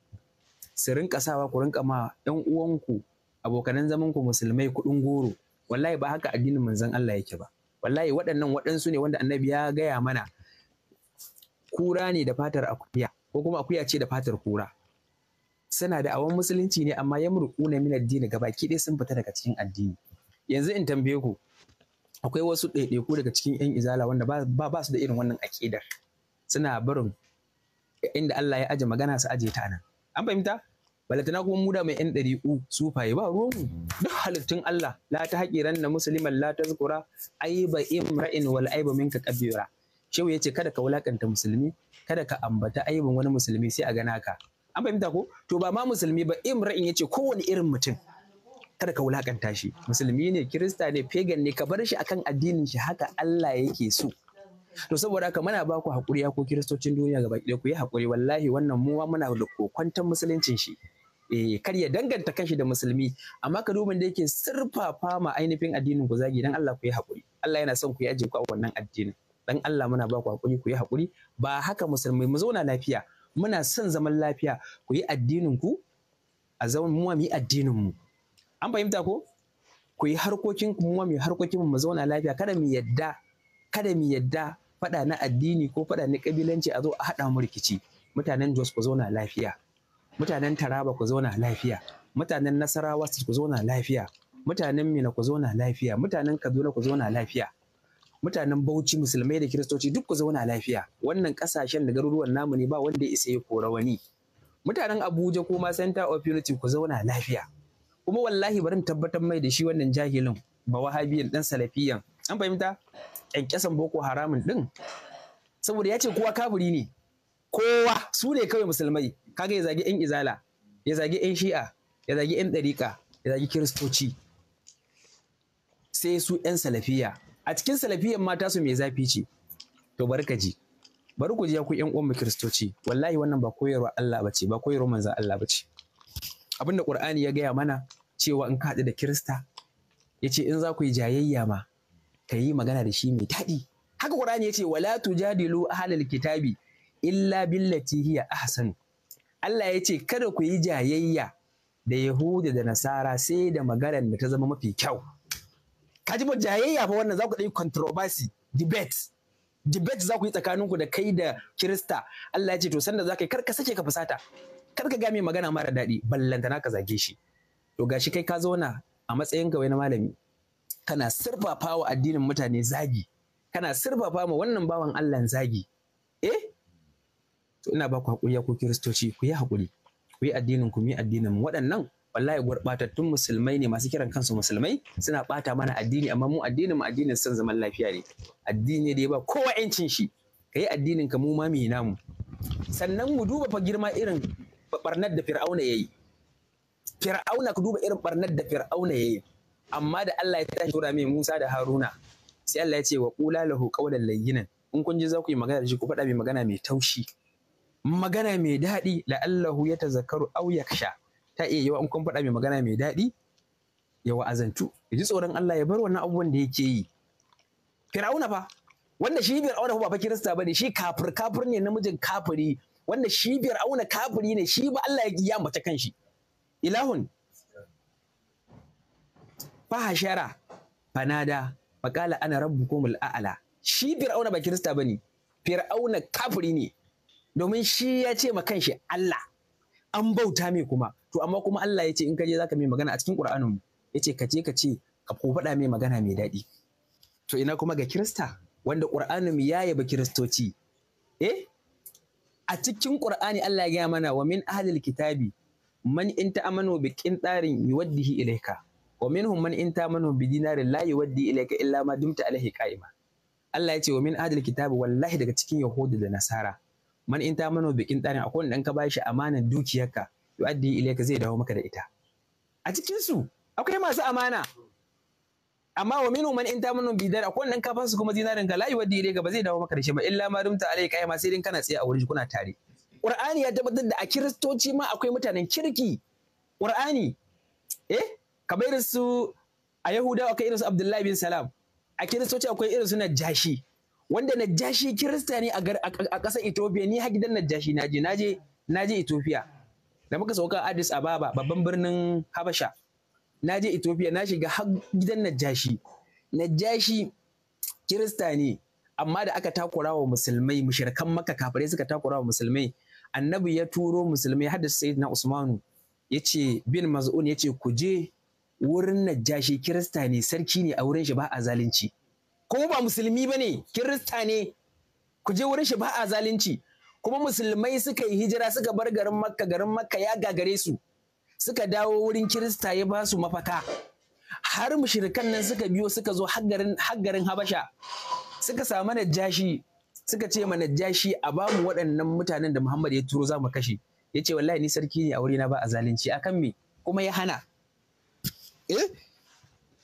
su rinka sawa ku rinka ma yan uwanku abokanan zaman ku musulmai kuɗin goro wallahi ba haka addinin manzon Allah yake ba wallahi waɗannan waɗansu ne wanda annabi ya gaya mana kura ne da fatar akuya ko kuma akuya ce da fatar kura suna da awon musulunci ne amma ya murƙuna min addini gabaki ɗaya sun fita daga cikin addini yanzu in tambaye ku akwai wasu ɗaiɗaiku daga cikin yan izala wanda ba ba su da irin wannan aƙidar suna barin inda Allah ya aje magana su aje ta nan an fahimta balatana kuma mu da mai yan ɗari'u sufaye ba ruwan mu duk halittun Allah la ta haƙiran na musulman la ta zukura aiba imra'in wal aiba minka kabira shehu yace kada ka wulakanta musulmi kada ka ambata aibin wani musulmi sai a gana ka an fahimta ko to ba ma musulmi ba imra'in yace kowane irin mutum kada ka wulakanta shi musulmi ne kirista ne pagan ne ka bar shi akan addinin shi haka Allah yake so to saboda haka muna ba ku haƙuri ya ku kiristocin duniya gaba ɗaya ku yi haƙuri wallahi wannan muwa muna da kokwantar musuluncin shi eh kar ya danganta kanshi da musulmi amma ka dubin da yake sirfafa ma ainihin addinin ku zagi dan Allah ku yi haƙuri Allah yana son ku yi ajiku a wannan addinin dan Allah muna ba ku haƙuri ku yi haƙuri ba haka musulmi mu zauna lafiya muna son zaman lafiya ku yi addinin ku a zaman mu mu yi addinin mu an fahimta ko ku yi harkokin mu mu harkokin mu mu zauna lafiya kada mu yadda kada mu yadda faɗa na addini ko faɗa na ƙabilanci a zo a haɗa mu rikici mutanen Jos ku zauna lafiya mutanen Taraba ku zauna lafiya mutanen Nasarawa ku zauna lafiya mutanen Mina ku zauna lafiya mutanen Kaduna ku zauna lafiya mutanen Bauchi musulmai da kiristoci duk ku zauna lafiya wannan ƙasashen da garuruwan namu ne ba wanda ya isa ya kora wani mutanen Abuja kuma Center of Unity ku zauna lafiya kuma wallahi bari tabbatar mai da shi wannan jahilin ba wahabiyan dan salafiyan an fahimta kyasan boko haramun ɗin saboda ya ce kowa kaburi ne kowa su ne kawai musulmai kaga ya zagi 'yan izala ya zagi 'yan shi'a ya zagi 'yan ɗariƙa ya zagi kiristoci sai su 'yan salafiya a cikin salafiyan mata su mai zafi ce to ka ji bari ku ji ku 'yan uwan kiristoci wallahi wannan ba koyarwa Allah bace ba koyarwa manzon Allah bace abinda Qur'ani ya gaya mana cewa in ka haɗu da Kirista ya ce in za ku yi jayayya ma ka yi magana da shi mai taɗi. haka Ƙur'ani ya ce wala a ahlal kitabi illa billati hiya ahsan Allah ya ce kada ku yi jayayya da Yahuda da Nasara sai da maganar da ta zama mafi kyau ka ji jayayya fa wannan za ku ɗauki controversy debate debate za ku yi tsakaninku da kai da Kirista Allah ya ce to sanda za ka yi kar ka sake ka fusata kar ka ga mai magana mara daɗi ballantana ka zage shi to gashi kai ka zauna a matsayin ka na malami kana sirfafa wa addinin mutane zagi kana sirfafa ma wannan bawan Allah zagi eh to ina ba ku hakuri ya ku kiristoci ku yi hakuri ku yi addinin ku mu yi addinin mu waɗannan wallahi gurɓatattun musulmai ne masu kiran kansu musulmai suna ɓata mana addini amma mu addinin mu addinin son zaman lafiya ne addini da ya ba kowa ƴancin shi ka yi addinin ka mu ma mu namu sannan mu duba fa girma irin barnar da fir'auna ya yi fir'auna ka duba irin barnar da fir'auna ya yi amma da Allah ya tashi tura mai Musa da Haruna sai Allah ya ce wa kula lahu qawlan layyinan in kun ji za ku yi magana da shi ku faɗa mai magana mai taushi magana mai daɗi la'allahu ya tazakkaru aw yaksha ta iya yawa in kun faɗa mai magana mai daɗi ya wa'azantu ya ji tsoron Allah ya bar wannan abubuwan da yake yi Fir'auna fa wanda shi Fir'auna ba fa Kirista bane shi kafir kafir ne namijin kafiri wanda shi auna kafiri ne shi ba Allah ya mace kanshi ilahun fahashara fanada faƙala ana rabu ko a'ala shi fir'auna ba kirista ba ne? fir'auna kafiri ne domin shi ya ce ma kanshi Allah an bauta mai kuma to amma kuma Allah ya ce in ka je zaka mai magana a cikin Qur'anin ya ce ka je ka ce ka faɗa mai magana mai daɗi to ina kuma ga kirista wanda Qur'anin mu ya ba kiristoci eh a cikin Qur'ani Allah ya gaya mana wa min ahlil kitabi man in ta'amanu bi qintarin yuwaddihi ilayka wa minhum man in tamanu bi dinarin la yuwaddi ilayka illa ma dumta alaihi qa'ima Allah ya ce wa min adil kitabi wallahi daga cikin yahudu da nasara man in tamanu bi kin tarin akwai dan ka bashi amanan dukiyarka yuaddi ilayka zai dawo maka da ita a cikin su akwai masu amana amma wa minhum man in tamanu bi dinar akwai dan ka fasu kuma dinarin ka la yuaddi ilayka ba zai dawo maka da shi ba illa ma dumta alaihi qa'ima sai din kana tsaye a wurin kuna tare Qur'ani ya tabbatar da a kiristoci ma akwai mutanen kirki Qur'ani eh kamar irin a yahudawa akwai irin su abdullahi bin salam a kiristoci akwai irin su najashi wanda najashi kirista ne a ƙasar ethiopia ni ha gidan najashi naje naje naje ethiopia da muka sauka addis ababa babban birnin habasha naje ethiopia na shiga har gidan najashi najashi kirista ne amma da aka takura wa musulmai mushirkan Makka kafirai suka takura wa musulmai annabi ya turo musulmai hadis sayyidina usmanu yace bin maz'un ya ce ku je wurin najashi kirista ne sarki ne a wurin shi ba a zalunci kuma ba musulmi ba ne kirista ne ku je wurin shi ba a zalunci kuma musulmai suka yi hijira suka bar garin makka garin makka ya gagare su suka dawo wurin kirista ya ba su mafaka har mushirikan nan suka biyo suka zo haggarin habasha suka samu najashi suka ce ma najashi a bamu waɗannan mutanen da muhammad ya turo za mu kashe ya ce wallahi ni sarki ne a wurina ba a zalunci akan me kuma ya hana Eh?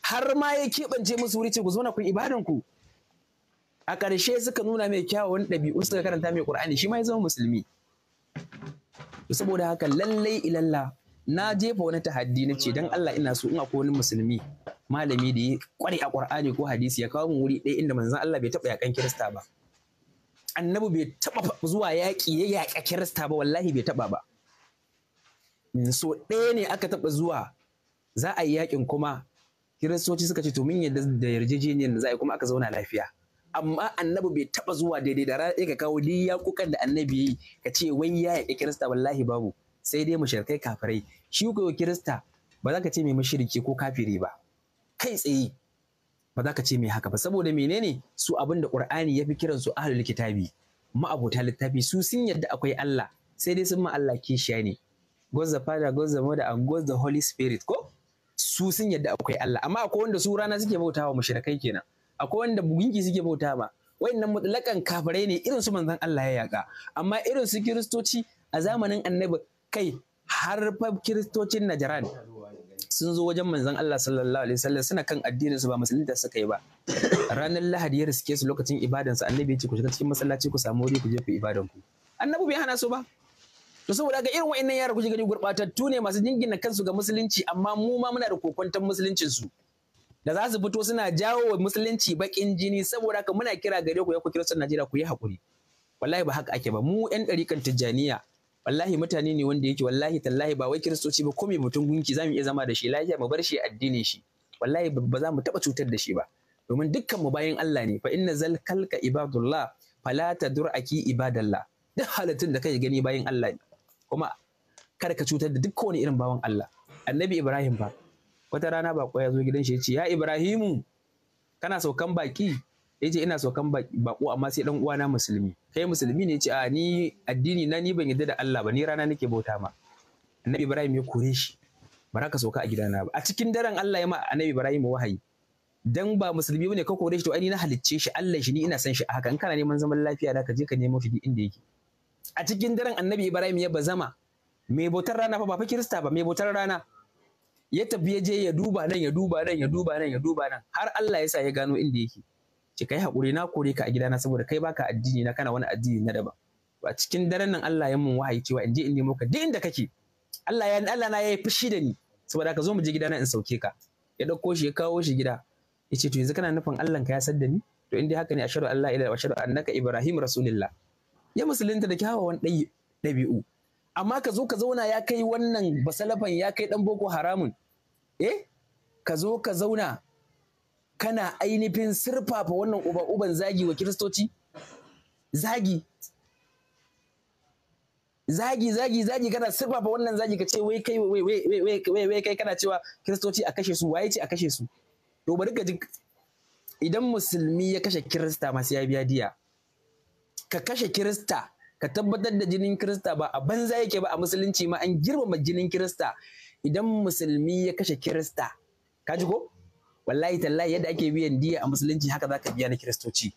har ma ya keɓance musu wuri ce ku zauna ku ibadan ku a ƙarshe suka nuna mai kyawawan ɗabi'u suka karanta mai ƙur'ani shi ma ya zama musulmi saboda haka lallai ilalla na jefa wani tahaddi na ce dan Allah ina so in akwai wani musulmi malami da ya kware a ƙur'ani ko hadisi ya kawo mu wuri ɗaya inda manzon Allah bai taɓa yakan Kirista ba annabi bai taɓa zuwa yaƙi ya yaƙa Kirista ba wallahi bai taɓa ba so ɗaya ne aka taɓa zuwa za a yi yakin kuma kiristoci suka ce to min yadda da yarjejeniyar da za a yi kuma aka zauna lafiya amma annabi bai taba zuwa daidai da rana ka kawo duk yakukan da annabi yi ka ce wai ya yaƙi kirista wallahi babu sai dai mushrikai kafirai shi ko kirista ba za ka ce mai mushriki ko kafiri ba kai tsaye ba za ka ce mai haka ba saboda menene su abin da qur'ani ya fi kiransu ahlul kitabi ma'abota littafi su sun yadda akwai Allah sai dai sun ma Allah kishiya ne God the Father, God the Mother, and God Holy Spirit ko? su sun yadda akwai Allah amma akwai wanda su rana suke bautawa mushrikai kenan akwai wanda buginki suke bauta ma wayannan mutlakan kafirai ne irin su manzon Allah ya yaka amma irin su kiristoci a zamanin annabi kai har fa kiristocin najaran sun zo wajen manzon Allah sallallahu alaihi wasallam suna kan addinin su ba musulunta suka yi ba ranar Lahadi ya riske su lokacin su annabi ya ce ku shiga cikin masallaci ku samu wuri ku je ku ibadan ku annabi bai hana su ba to saboda ga irin wa'annan yara kuke gani gurbatattu ne masu jingina kansu ga musulunci amma mu ma muna da kokwantan musuluncin su da za su fito suna jawo wa musulunci bakin jini saboda haka muna kira gare ku ya ku kiristan Najeriya ku yi hakuri wallahi ba haka ake ba mu yan ɗarikan tijjaniya wallahi mutane ne wanda yake wallahi tallahi ba wai kiristoci ba ko mai mutum gunki zamu iya zama da shi lafiya mu bar shi addinin shi wallahi ba za mu taba cutar da shi ba domin dukkan mu bayan Allah ne fa inna zal kalka ibadullah fala tadur aki ibadallah duk halittun da kai gani bayan Allah ne kuma kada ka cutar da duk wani irin bawan Allah annabi Ibrahim ba wata rana bako ya zo gidan shi ya ce ya Ibrahimu kana saukan baki ya ce ina saukan bako amma sai dan uwana musulmi kai musulmi ne ya ce a ni addini na ni ban yarda da Allah ba ni rana nake bauta ma annabi Ibrahim ya kore shi ba ka sauka a gidana ba a cikin daren Allah ya ma annabi Ibrahim wahayi dan ba musulmi bane ka kore shi to ai ni na halicce shi Allah shi ni ina san shi A haka in kana neman zaman lafiya da ka je ka nemo shi inda yake a cikin daren annabi ibrahim ya bazama mai bautar rana fa ba fa kirista ba mai bautar rana ya tafi ya je ya duba nan ya duba nan ya duba nan ya duba nan har Allah ya sa ya gano inda yake ce kai hakuri na kore ka a gidana saboda kai baka addini na kana wani addini na daban a cikin daren nan Allah ya mun wahayi cewa in je in nemo ka duk inda kake Allah ya Allah na yayi fushi da ni saboda ka zo mu je gidana in sauke ka ya dauko shi ya kawo shi gida ya to yanzu kana nufin Allah ka ya sadda ni to in dai haka ne ashhadu an la ilaha illallah wa ashhadu annaka ibrahim rasulullah ya musulunta da kyawawan ɗabi'u amma ka zo ka zauna ya kai wannan basalafan ya kai ɗan boko haramun eh ka zo ka zauna kana ainihin sirfafa wannan uba uban zagi wa kiristoci zagi zagi zagi zagi kana sirfafa wannan zagi ka ce wai kai wai wai wai wai kai kana cewa kiristoci a kashe su waye ce a kashe su to bari ka ji idan musulmi ya kashe kirista masu ya biya diya ka kashe kirista ka tabbatar da jinin kirista ba a banza yake ba a musulunci ma an girmama jinin kirista idan musulmi ya kashe kirista ka ji ko wallahi tallahi yadda ake biyan diya a musulunci haka zaka biya na kiristoci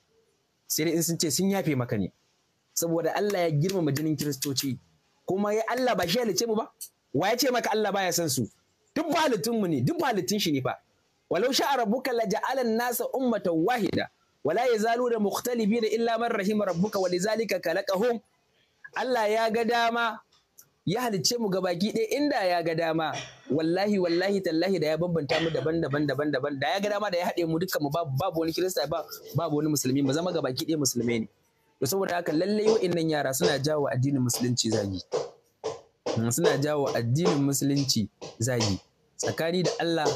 sai dai in sun ce sun yafe maka ne saboda Allah ya girmama jinin kiristoci kuma ya Allah ba shi halice mu ba wa ya ce maka Allah baya san su duk halittun mu ne duk halittun shi ne fa walau sha'a rabbuka la ja'alan nasa ummatan wahida wala yazaluna da illa man rahima rabbuka walizalika khalaqahum Allah ya ga dama ya halicce mu ga baki ɗaya inda ya ga dama wallahi wallahi tallahi da ya bambanta mu daban daban daban daban da ya ga dama da ya haɗe mu dukkan mu babu Babu wani kirista babu wani musulmi mu zama ga baki ɗaya musulmi ne to saboda haka lallai nan yara suna jawo addinin musulunci zagi hmm, suna jawo addinin musulunci zagi tsakani da Allah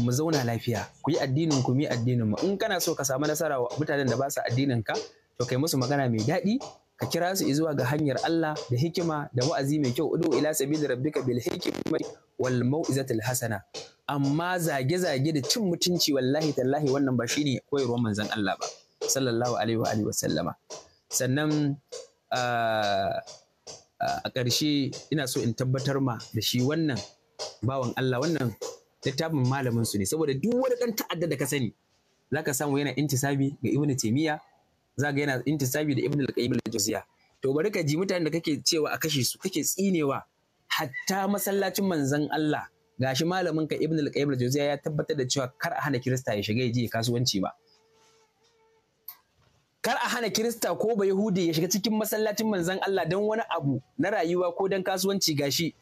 mu zauna lafiya ku yi addinin ku mi addinin mu in kana so ka samu nasara wa mutanen da ba su addinin ka to kai musu magana mai daɗi ka kira su zuwa ga hanyar Allah da hikima da wa'azi mai kyau udu ila sabili rabbika bil hikmati wal mau'izatil hasana amma zage-zage da cin mutunci wallahi tallahi wannan ba shine koyarwar manzon Allah ba sallallahu alaihi wa alihi wa sallama sannan ah, ah, a ƙarshe ina so in tabbatar ma da shi wannan bawan Allah wannan littafin malamin su ne saboda duk wani dan ta'adda da ka sani zaka samu yana intisabi ga ibnu taymiya zaka yana intisabi da ibnu al-qayyim al to bari ka ji mutanen da kake cewa a kashe su kake tsinewa hatta masallacin manzon Allah gashi malamin ka ibnu al-qayyim al ya tabbatar da cewa kar a hana kirista ya shiga ya kasuwanci ba kar a hana kirista ko ba yahudi ya shiga cikin masallacin manzon Allah don wani abu na rayuwa ko don kasuwanci gashi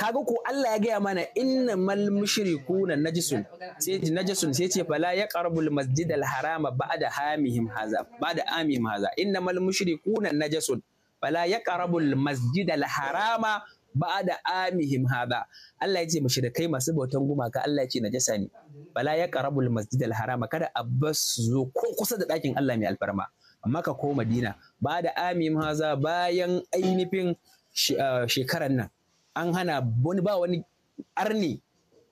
kaga ko Allah ya gaya mana inna mal na najisun sai najisun sai ce fala ya qarbul masjid al harama ba'da hamihim haza ba'da amihim haza inna mal na najisun fala ya qarbul masjid al harama ba'da amihim haza Allah ya ce mushrikai masu bautan gumaka Allah ya ce najasa ne fala ya qarbul masjid al harama kada abbas zo ko kusa da dakin Allah mai alfarma amma ka ko Madina ba'da amihim haza bayan ainifin ah, shekaran nan an hana wani ba wani arni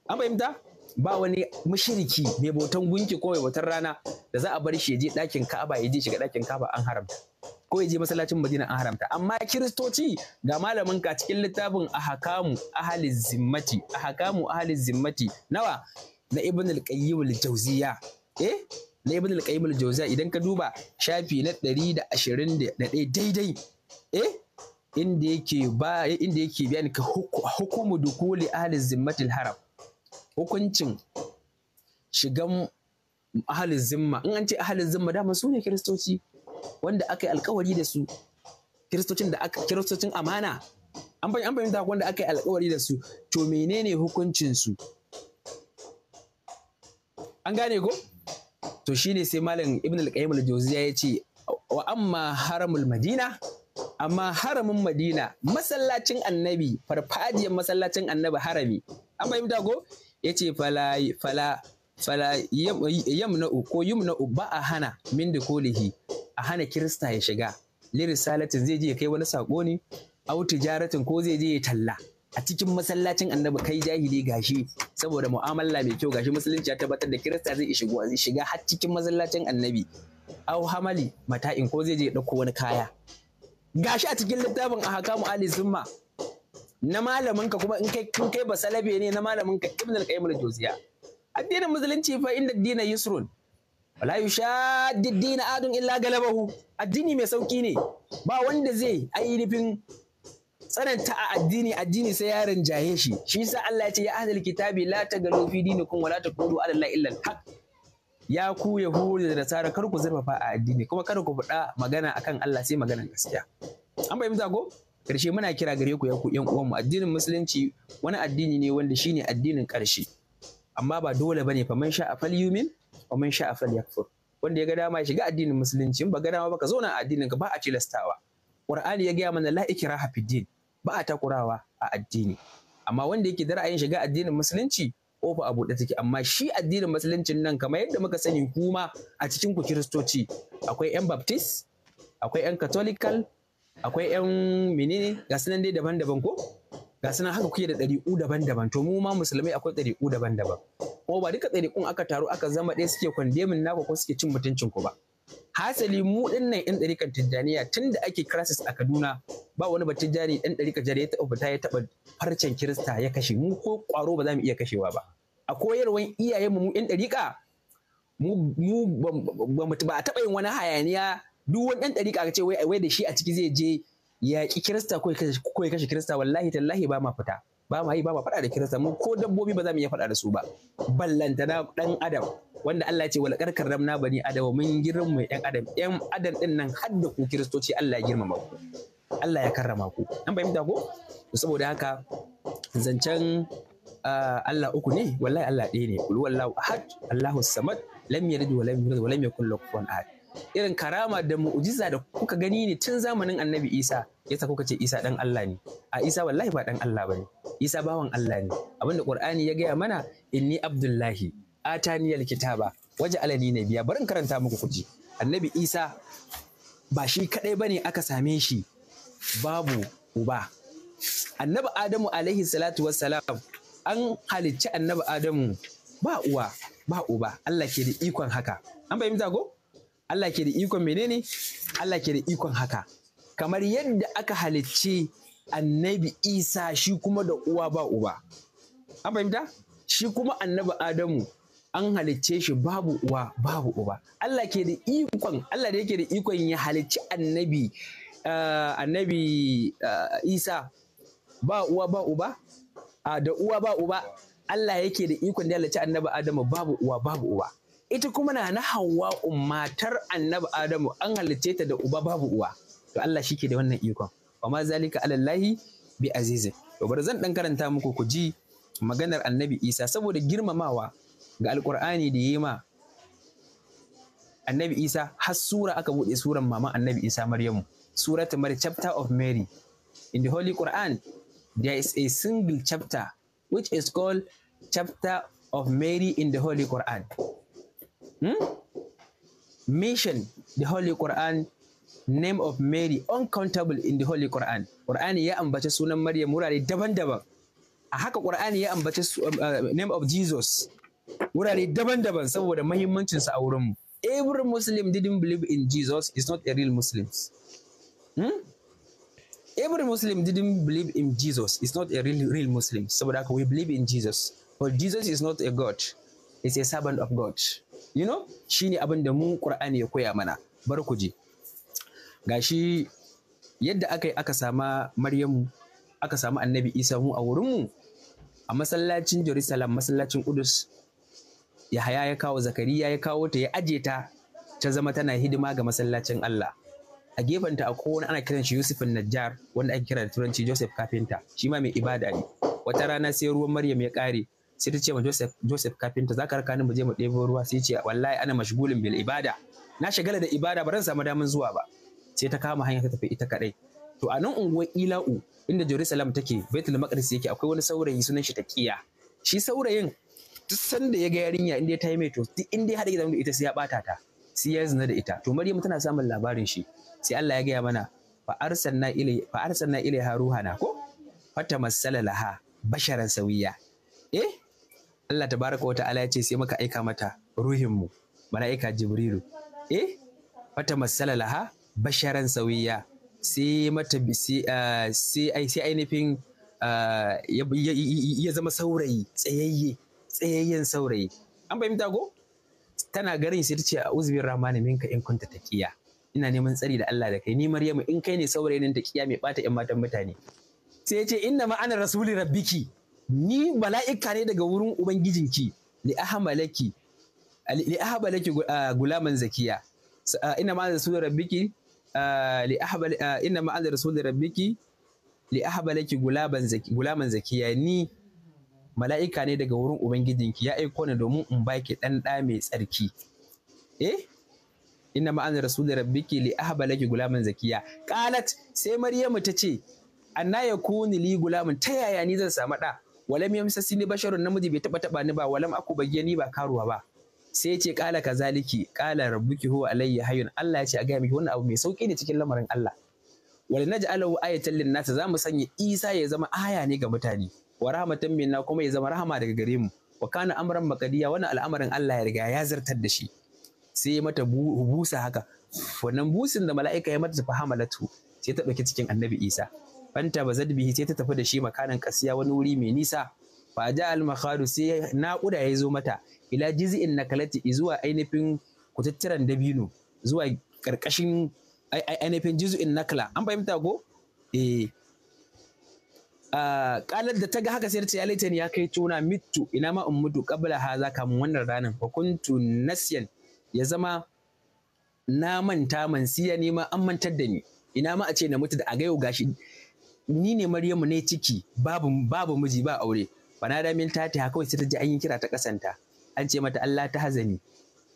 an fahimta ba wani mashiriki mai bautan gunki ko mai bautan rana da za a bar shi ya je dakin Ka'aba ya je shiga dakin Ka'aba an haramta ko ya je masallacin Madina an haramta amma kiristoci ga malamin ka cikin littafin ahkamu ahli zimmati ahkamu ahli zimmati nawa na Ibn al-Qayyim al-Jawziya eh na Ibn al-Qayyim al-Jawziya idan ka duba shafi na da 121 daidai eh inda yake ba inda yake bayani ka hukumu dukuli ahli zimmatil haram hukuncin shigan ahli zimma in an ce ahli zimma dama su ne kiristoci wanda aka yi alkawari da su kristocin da aka kristocin amana an bayan da wanda aka yi alkawari da su to menene hukuncin su an gane ko to shine sai malam ibn al-qayyim al-jawziya yace wa amma haramul madina amma haramin madina masallacin annabi farfajiyar masallacin annabi harami an fahimta ko ya ce fala fala fala ko ba a hana min da kolihi a hana kirista ya shiga lirisalatin zai je ya kai wani sako ne au tijaratin ko zai je ya talla a cikin masallacin annabi kai jahili gashi saboda mu'amala mai kyau gashi musulunci ya tabbatar da kirista zai shiga zai shiga har cikin masallacin annabi au hamali mata'in ko zai je ya dauko wani kaya gashi a cikin littafin a hakamu ali zumma na malamin kuma in kai kin kai basalabe ne na malamin ka ibn al-qayyim al-jawziya addinin musulunci fa inda dina yusrun wala yushaddid dina adun illa galabahu addini mai sauki ne ba wanda zai ainihin tsananta a addini addini sai yaron jaye shi shi yasa Allah ya ce ya ahlul kitabi la tagalu fi dinikum wala taqulu ala illa al-haq ya ku yahudu da nasara kar ku zurfafa a addini kuma kar ku faɗa magana akan Allah sai maganar gaskiya an bai fahimta ko karshe muna kira gare ku ya ku yan uwanmu addinin musulunci wani addini ne wanda shine addinin karshe amma ba dole bane fa man sha'a yumin wa man sha'a yakfur. wanda ya ga dama ya shiga addinin musulunci ba ga dama ba ka zauna a addinin ka ba a tilastawa qur'ani ya gaya mana la ikraha ba a takurawa a addini amma wanda yake da ra'ayin shiga addinin musulunci kofa a buɗe take amma shi addinin musuluncin nan kamar yadda muka sani kuma a cikin ku kiristoci akwai yan baptist akwai yan catholical akwai yan menene ga nan dai daban-daban ko ga nan haka kuke da ɗari'u daban-daban to mu ma musulmai akwai ɗari'u daban-daban ko ba duka ɗari'un aka taru aka zama ɗaya suke kwandemin naku ko suke cin mutuncin ku ba hasali mu din nan yan ɗarikan tijjaniya tun da ake crisis a kaduna ba wani ba tijjani yan ɗarika jari ya taɓa ya taɓa farcen kirista ya kashe mu ko ƙwaro ba za mu iya kashewa ba a koyarwan iyayenmu mu yan ɗarika mu ba a taɓa yin wani hayaniya duk wani ɗan ɗarika ka ce wai wai da shi a ciki zai je ya ki kirista ko ya kashe kirista wallahi tallahi ba ma fita ba ma yi ba ma faɗa da kirista mu ko dabbobi ba za mu iya faɗa da su ba ballantana ɗan adam wanda Allah ya ce wala karkar ramna bani adam mun girma yan adam yan adam din nan har da ku kiristoci Allah ya girmama ku Allah ya karrama ku an fahimta ko saboda haka zancen ah, Allah uku ne wallahi Allah ɗaya ne kul wallahu ahad Allahu samad lam yalid wa lam yulad wa lam yakul lahu kufuwan ahad irin karama da mu'jiza da kuka gani ne tun zamanin Annabi Isa yasa kuka ce Isa dan Allah ne a Isa wallahi ba dan Allah bane Isa bawan Allah ne abinda Qur'ani ya gaya mana inni abdullahi ataniyal kitaba waje alani na biya barin karanta muku kuji annabi isa ba shi kadai bane aka same shi babu uba annabi adamu alaihi salatu wassalam an halicci annabi adamu ba uwa ba uba Allah ke da ikon haka an fahimta ko Allah ke da ikon menene Allah ke da ikon haka kamar yadda aka halicci annabi isa shi kuma da uwa ba uba an fahimta shi kuma annabi adamu an halicce shi babu uwa babu uba Allah ke da ikon Allah da yake da ikon ya halicci annabi eh, annabi eh, Isa ba uwa ba uba ah, da uwa ba uba Allah yake da ikon da halicci annabi Adamu babu uwa babu uba ita kuma na na hawa matar annabi Adamu an halicce ta da uba babu uwa to Allah shi ke da wannan ikon wa ma zalika alallahi bi azizin to bari zan dan karanta muku ku ji maganar annabi Isa saboda girmamawa ga alkur'ani da yi ma annabi isa har sura aka buɗe suran maman annabi isa maryamu surat mary chapter of mary in the holy quran there is a single chapter which is called chapter of mary in the holy quran hmm? mention the holy quran name of mary uncountable in the holy quran quran ya ambaci sunan maryam wurare daban-daban a haka ƙur'ani ya ambaci eh, name of jesus wurare daban-daban saboda mahimmancin sa a wurin mu every muslim didn't believe in jesus is not a real muslim hmm? every muslim didn't believe in jesus is not a real real muslim saboda haka we believe in jesus but jesus is not a god is a servant of god you know shine abin da mu qur'ani ya koya mana bar ku ji gashi yadda aka yi aka sama Maryam aka samu annabi isa mu a wurinmu a masallacin jerusalem masallacin kudus Yahaya ya kawo Zakariya ya kawo ta ya aje ta ta zama tana hidima ga masallacin Allah. A gefenta a kowane ana kiran shi Yusuf Najjar wanda ake kira da turanci Joseph Kafinta shi ma mai ibada ne. Wata rana sai ruwan Maryam ya kare, sai ta ce ma Joseph Joseph Kafinta za ka raka ni mu je mu ɗebo ruwa sai ce wallahi ana mashgulin bil ibada. Na shagala da ibada ba zan samu damin zuwa ba. Sai ta kama hanya ta tafi ita kaɗai. To a nan unguwar Ila'u inda Jerusalem take Betul Maqdis yake akwai wani saurayi sunan shi Taqiya. Shi saurayin duk sanda ya ga yarinya inda ta yi mai to duk inda ya haɗa gidan da ita sai ya ɓata ta sai ya zina da ita to Maryam tana samun labarin shi sai Allah ya gaya mana fa arsalna ilai fa arsalna ilaiha ruhana ko fatamassala laha basharan sawiya eh Allah tabaraka wa ta'ala ya ce sai muka aika mata ruhin mu mala'ika jibrilu eh fatamassala laha basharan sawiya sai mata sai eh, ainihin eh, ya zama saurayi tsayayye tsayayyen saurayi an fahimta ko tana garin sai ta ce a uzbin rahmani minka in kunta taqiya ina neman tsari da Allah da kai ni Maryamu in kai ne saurayin taqiya mai bata yan matan mutane sai ya ce inna ma ana rasuli rabbiki ni mala'ika ne daga wurin ubangijinki li ahmalaki li ahbalaki ah, gulaman zakiya ah, ah, inna ma ana rasuli rabbiki li ahbal inna ma ana rasuli rabbiki li ahbalaki gulaban zakiya ni mala'ika ne daga wurin ubangijinki ya aiko ni domin in baki ɗan ɗa mai tsarki eh inna ma anzara rasul rabbiki li ahba laki gulamin zakiya qalat sai maryamu ta ce anna yakuni li gulamin, ta yaya ni zan samu ɗa walam sini basharun namiji bai taba taba ni ba walam aku ni ba karuwa ba sai ya ce kala kazaliki kala rabbuki huwa alayya hayyun Allah ya ce a gaya miki wannan abu mai sauki ne cikin lamarin Allah wal naj'alahu ayatan lin nas zamu sanya Isa ya zama aya ne ga mutane wa rahmatan minna kuma ya zama rahama daga gare mu wa kana amran makadiya wannan al'amarin Allah ya riga ya zartar da shi sai ya mata busa haka wannan busin da mala'ika ya mata ta fahamalatu sai ta dauki cikin annabi Isa fanta ba bihi sai ta tafi da shi makanan kasiya wani wuri mai nisa fa ja al makhadu sai naƙuda ya zo mata ila jizin nakalati zuwa ainifin kututturan dabino zuwa karkashin ainifin jizu'in nakla an fahimta ko eh kalar ah, da ta ga haka sai ta ya laita ya kai tuna mitu ina ma in mutu kabla haza kamun wannan ranan fa kuntu ya zama na manta mansiya ne ma an mantar da ni ina ma a ce na mutu da a ga yau gashi ni ne Maryamu ne ciki babu babu miji ba aure bana da min ta ta kawai sai ta ji an yi kira ta kasanta an ce mata Allah ta hazani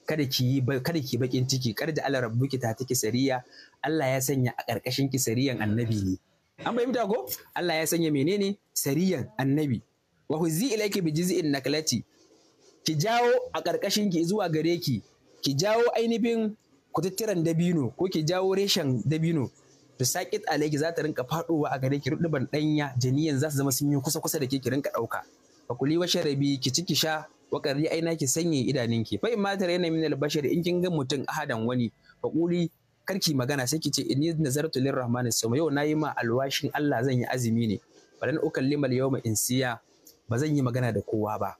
kada ki kada ki bakin ciki kada da Allah rabbuki ta take sariya Allah ya sanya a karkashin ki sariyan annabi ne an fahimta ko Allah ya sanya menene sariyan annabi wa huzi ilayki bi jiz'in naklati ki jawo a karkashin ki zuwa gare ki ki jawo ainihin kututturan dabino ko ki jawo reshen dabino to sakit alayki za ta rinka fadowa a gare ki rudduban danya janiyan za su zama sun yi kusa kusa da ke ki rinka dauka fa kuli wa sharabi ki ci ki sha wa qarri aina ki sanye idaninki fa in ma tare yana min albashar in kin ga mutum ahadan wani fa kuli karki magana sai ki ce inni nazartu lirrahmani sawma yau nayi ma alwashin Allah zan yi azumi ne balan ukallima al-yawma insiya ba zan yi magana da kowa ba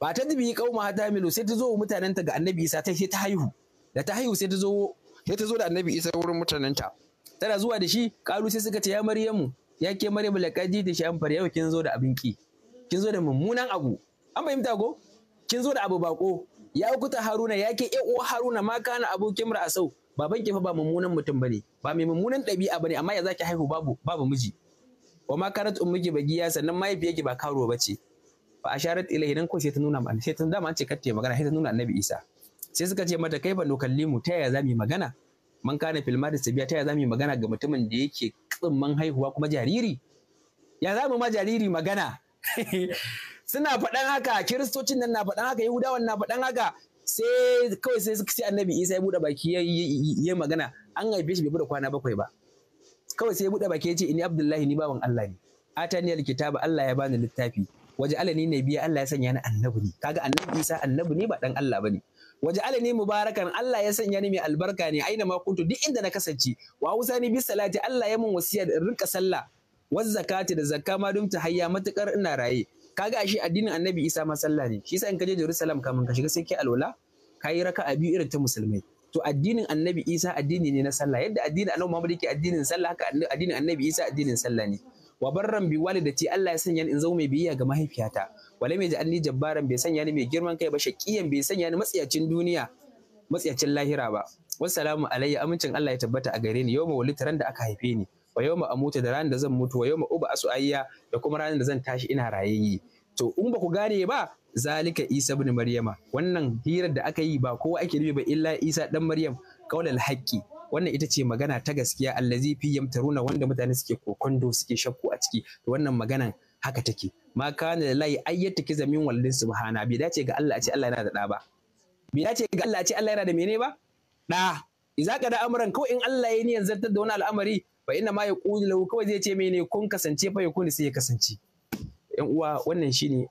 ba ta dubi kauma hada milu sai ta zo mutanenta ga annabi Isa ta sai ta haihu da ta haihu sai ta zo sai ta zo da annabi Isa wurin mutanenta tana zuwa da shi kalu sai suka ce ya Maryamu ya ke Maryamu laqadi da shi an yau kin zo da abin kin zo da mummunan abu an fahimta ko kin zo da abu bako ya kuta haruna ya ke uwa haruna ma kana abokin ra'asau baban ke fa ba mummunan mutum bane ba mai mummunan ɗabi'a bane amma ya zaki haihu babu babu miji wa ma kanat ummuki bagiya sannan mahaifiyarki ba karo bace fa asharat ilayhi nan ko sai ta nuna ma sai ta dama ce kace magana sai ta nuna annabi Isa sai suka ce mata kai fa nukallimu ta yaya zamu magana man kana fil da sabiya ta yaya zamu magana ga mutumin da yake tsimman haihuwa kuma jariri ya zamu ma jariri magana suna faɗan haka kiristocin nan na faɗan haka yahudawan na faɗan haka sai kawai sai sai annabi isa ya buɗe baki ya magana an haife shi bai bude kwana bakwai ba kawai sai ya buɗe baki ya ce ini abdullahi ni bawan allah ne atani alkitaba allah ya bani littafi waje alani ne biya allah ya sanya ni annabi ne kaga annabi isa annabi ne ba dan allah bane waje alani mubarakan allah ya sanya ni mai albarka ne aina ma kuntu duk inda na kasance wa hausa ni bi salati allah ya mun wasiya da rinka sallah zakati da zakka ma dum ta hayya matukar ina raye Ka ga ashe addinin annabi isa ma ne shi yasa in ka je jerusalem kamin ka shiga sai kai alwala raka a biyu irin ta musulmai to addinin annabi isa addini ne na sallah yadda addinin annabi muhammad yake addinin sallah haka addinin annabi isa addinin sallah ne wa barran bi walidati Allah ya sanya ni in zama mai biyayya ga mahaifiyata wala mai ja'alni jabbaran bai sanya ni mai girman kai ba shaqiyan bai sanya ni matsiyacin duniya matsiyacin lahira ba wassalamu alayya amincin Allah ya tabbata a gare ni yau mawlitaran da aka haife ni wa yawma amutu da ranar da zan mutu wa yawma uba asu ayya da kuma ranar da zan tashi ina rayayye to in ba ku gane ba zalika isa ibn maryama wannan hirar da aka yi ba kowa ake nufi ba illa isa dan maryam qaulal haqqi wannan ita ce magana ta gaskiya allazi fi yamtaruna wanda mutane suke kokondo suke shakku a ciki to wannan maganan haka take ma kana lai ayyata ki min walidin subhana bai dace ga Allah a ce Allah yana da da ba bai dace ga Allah a ce Allah yana da mene ba da idza da amran ko in Allah ya niyan zartar da wani al'amari fa inna ma ya kawai zai ce mene kun kasance fa ya kuni sai ya kasance yan uwa wannan shine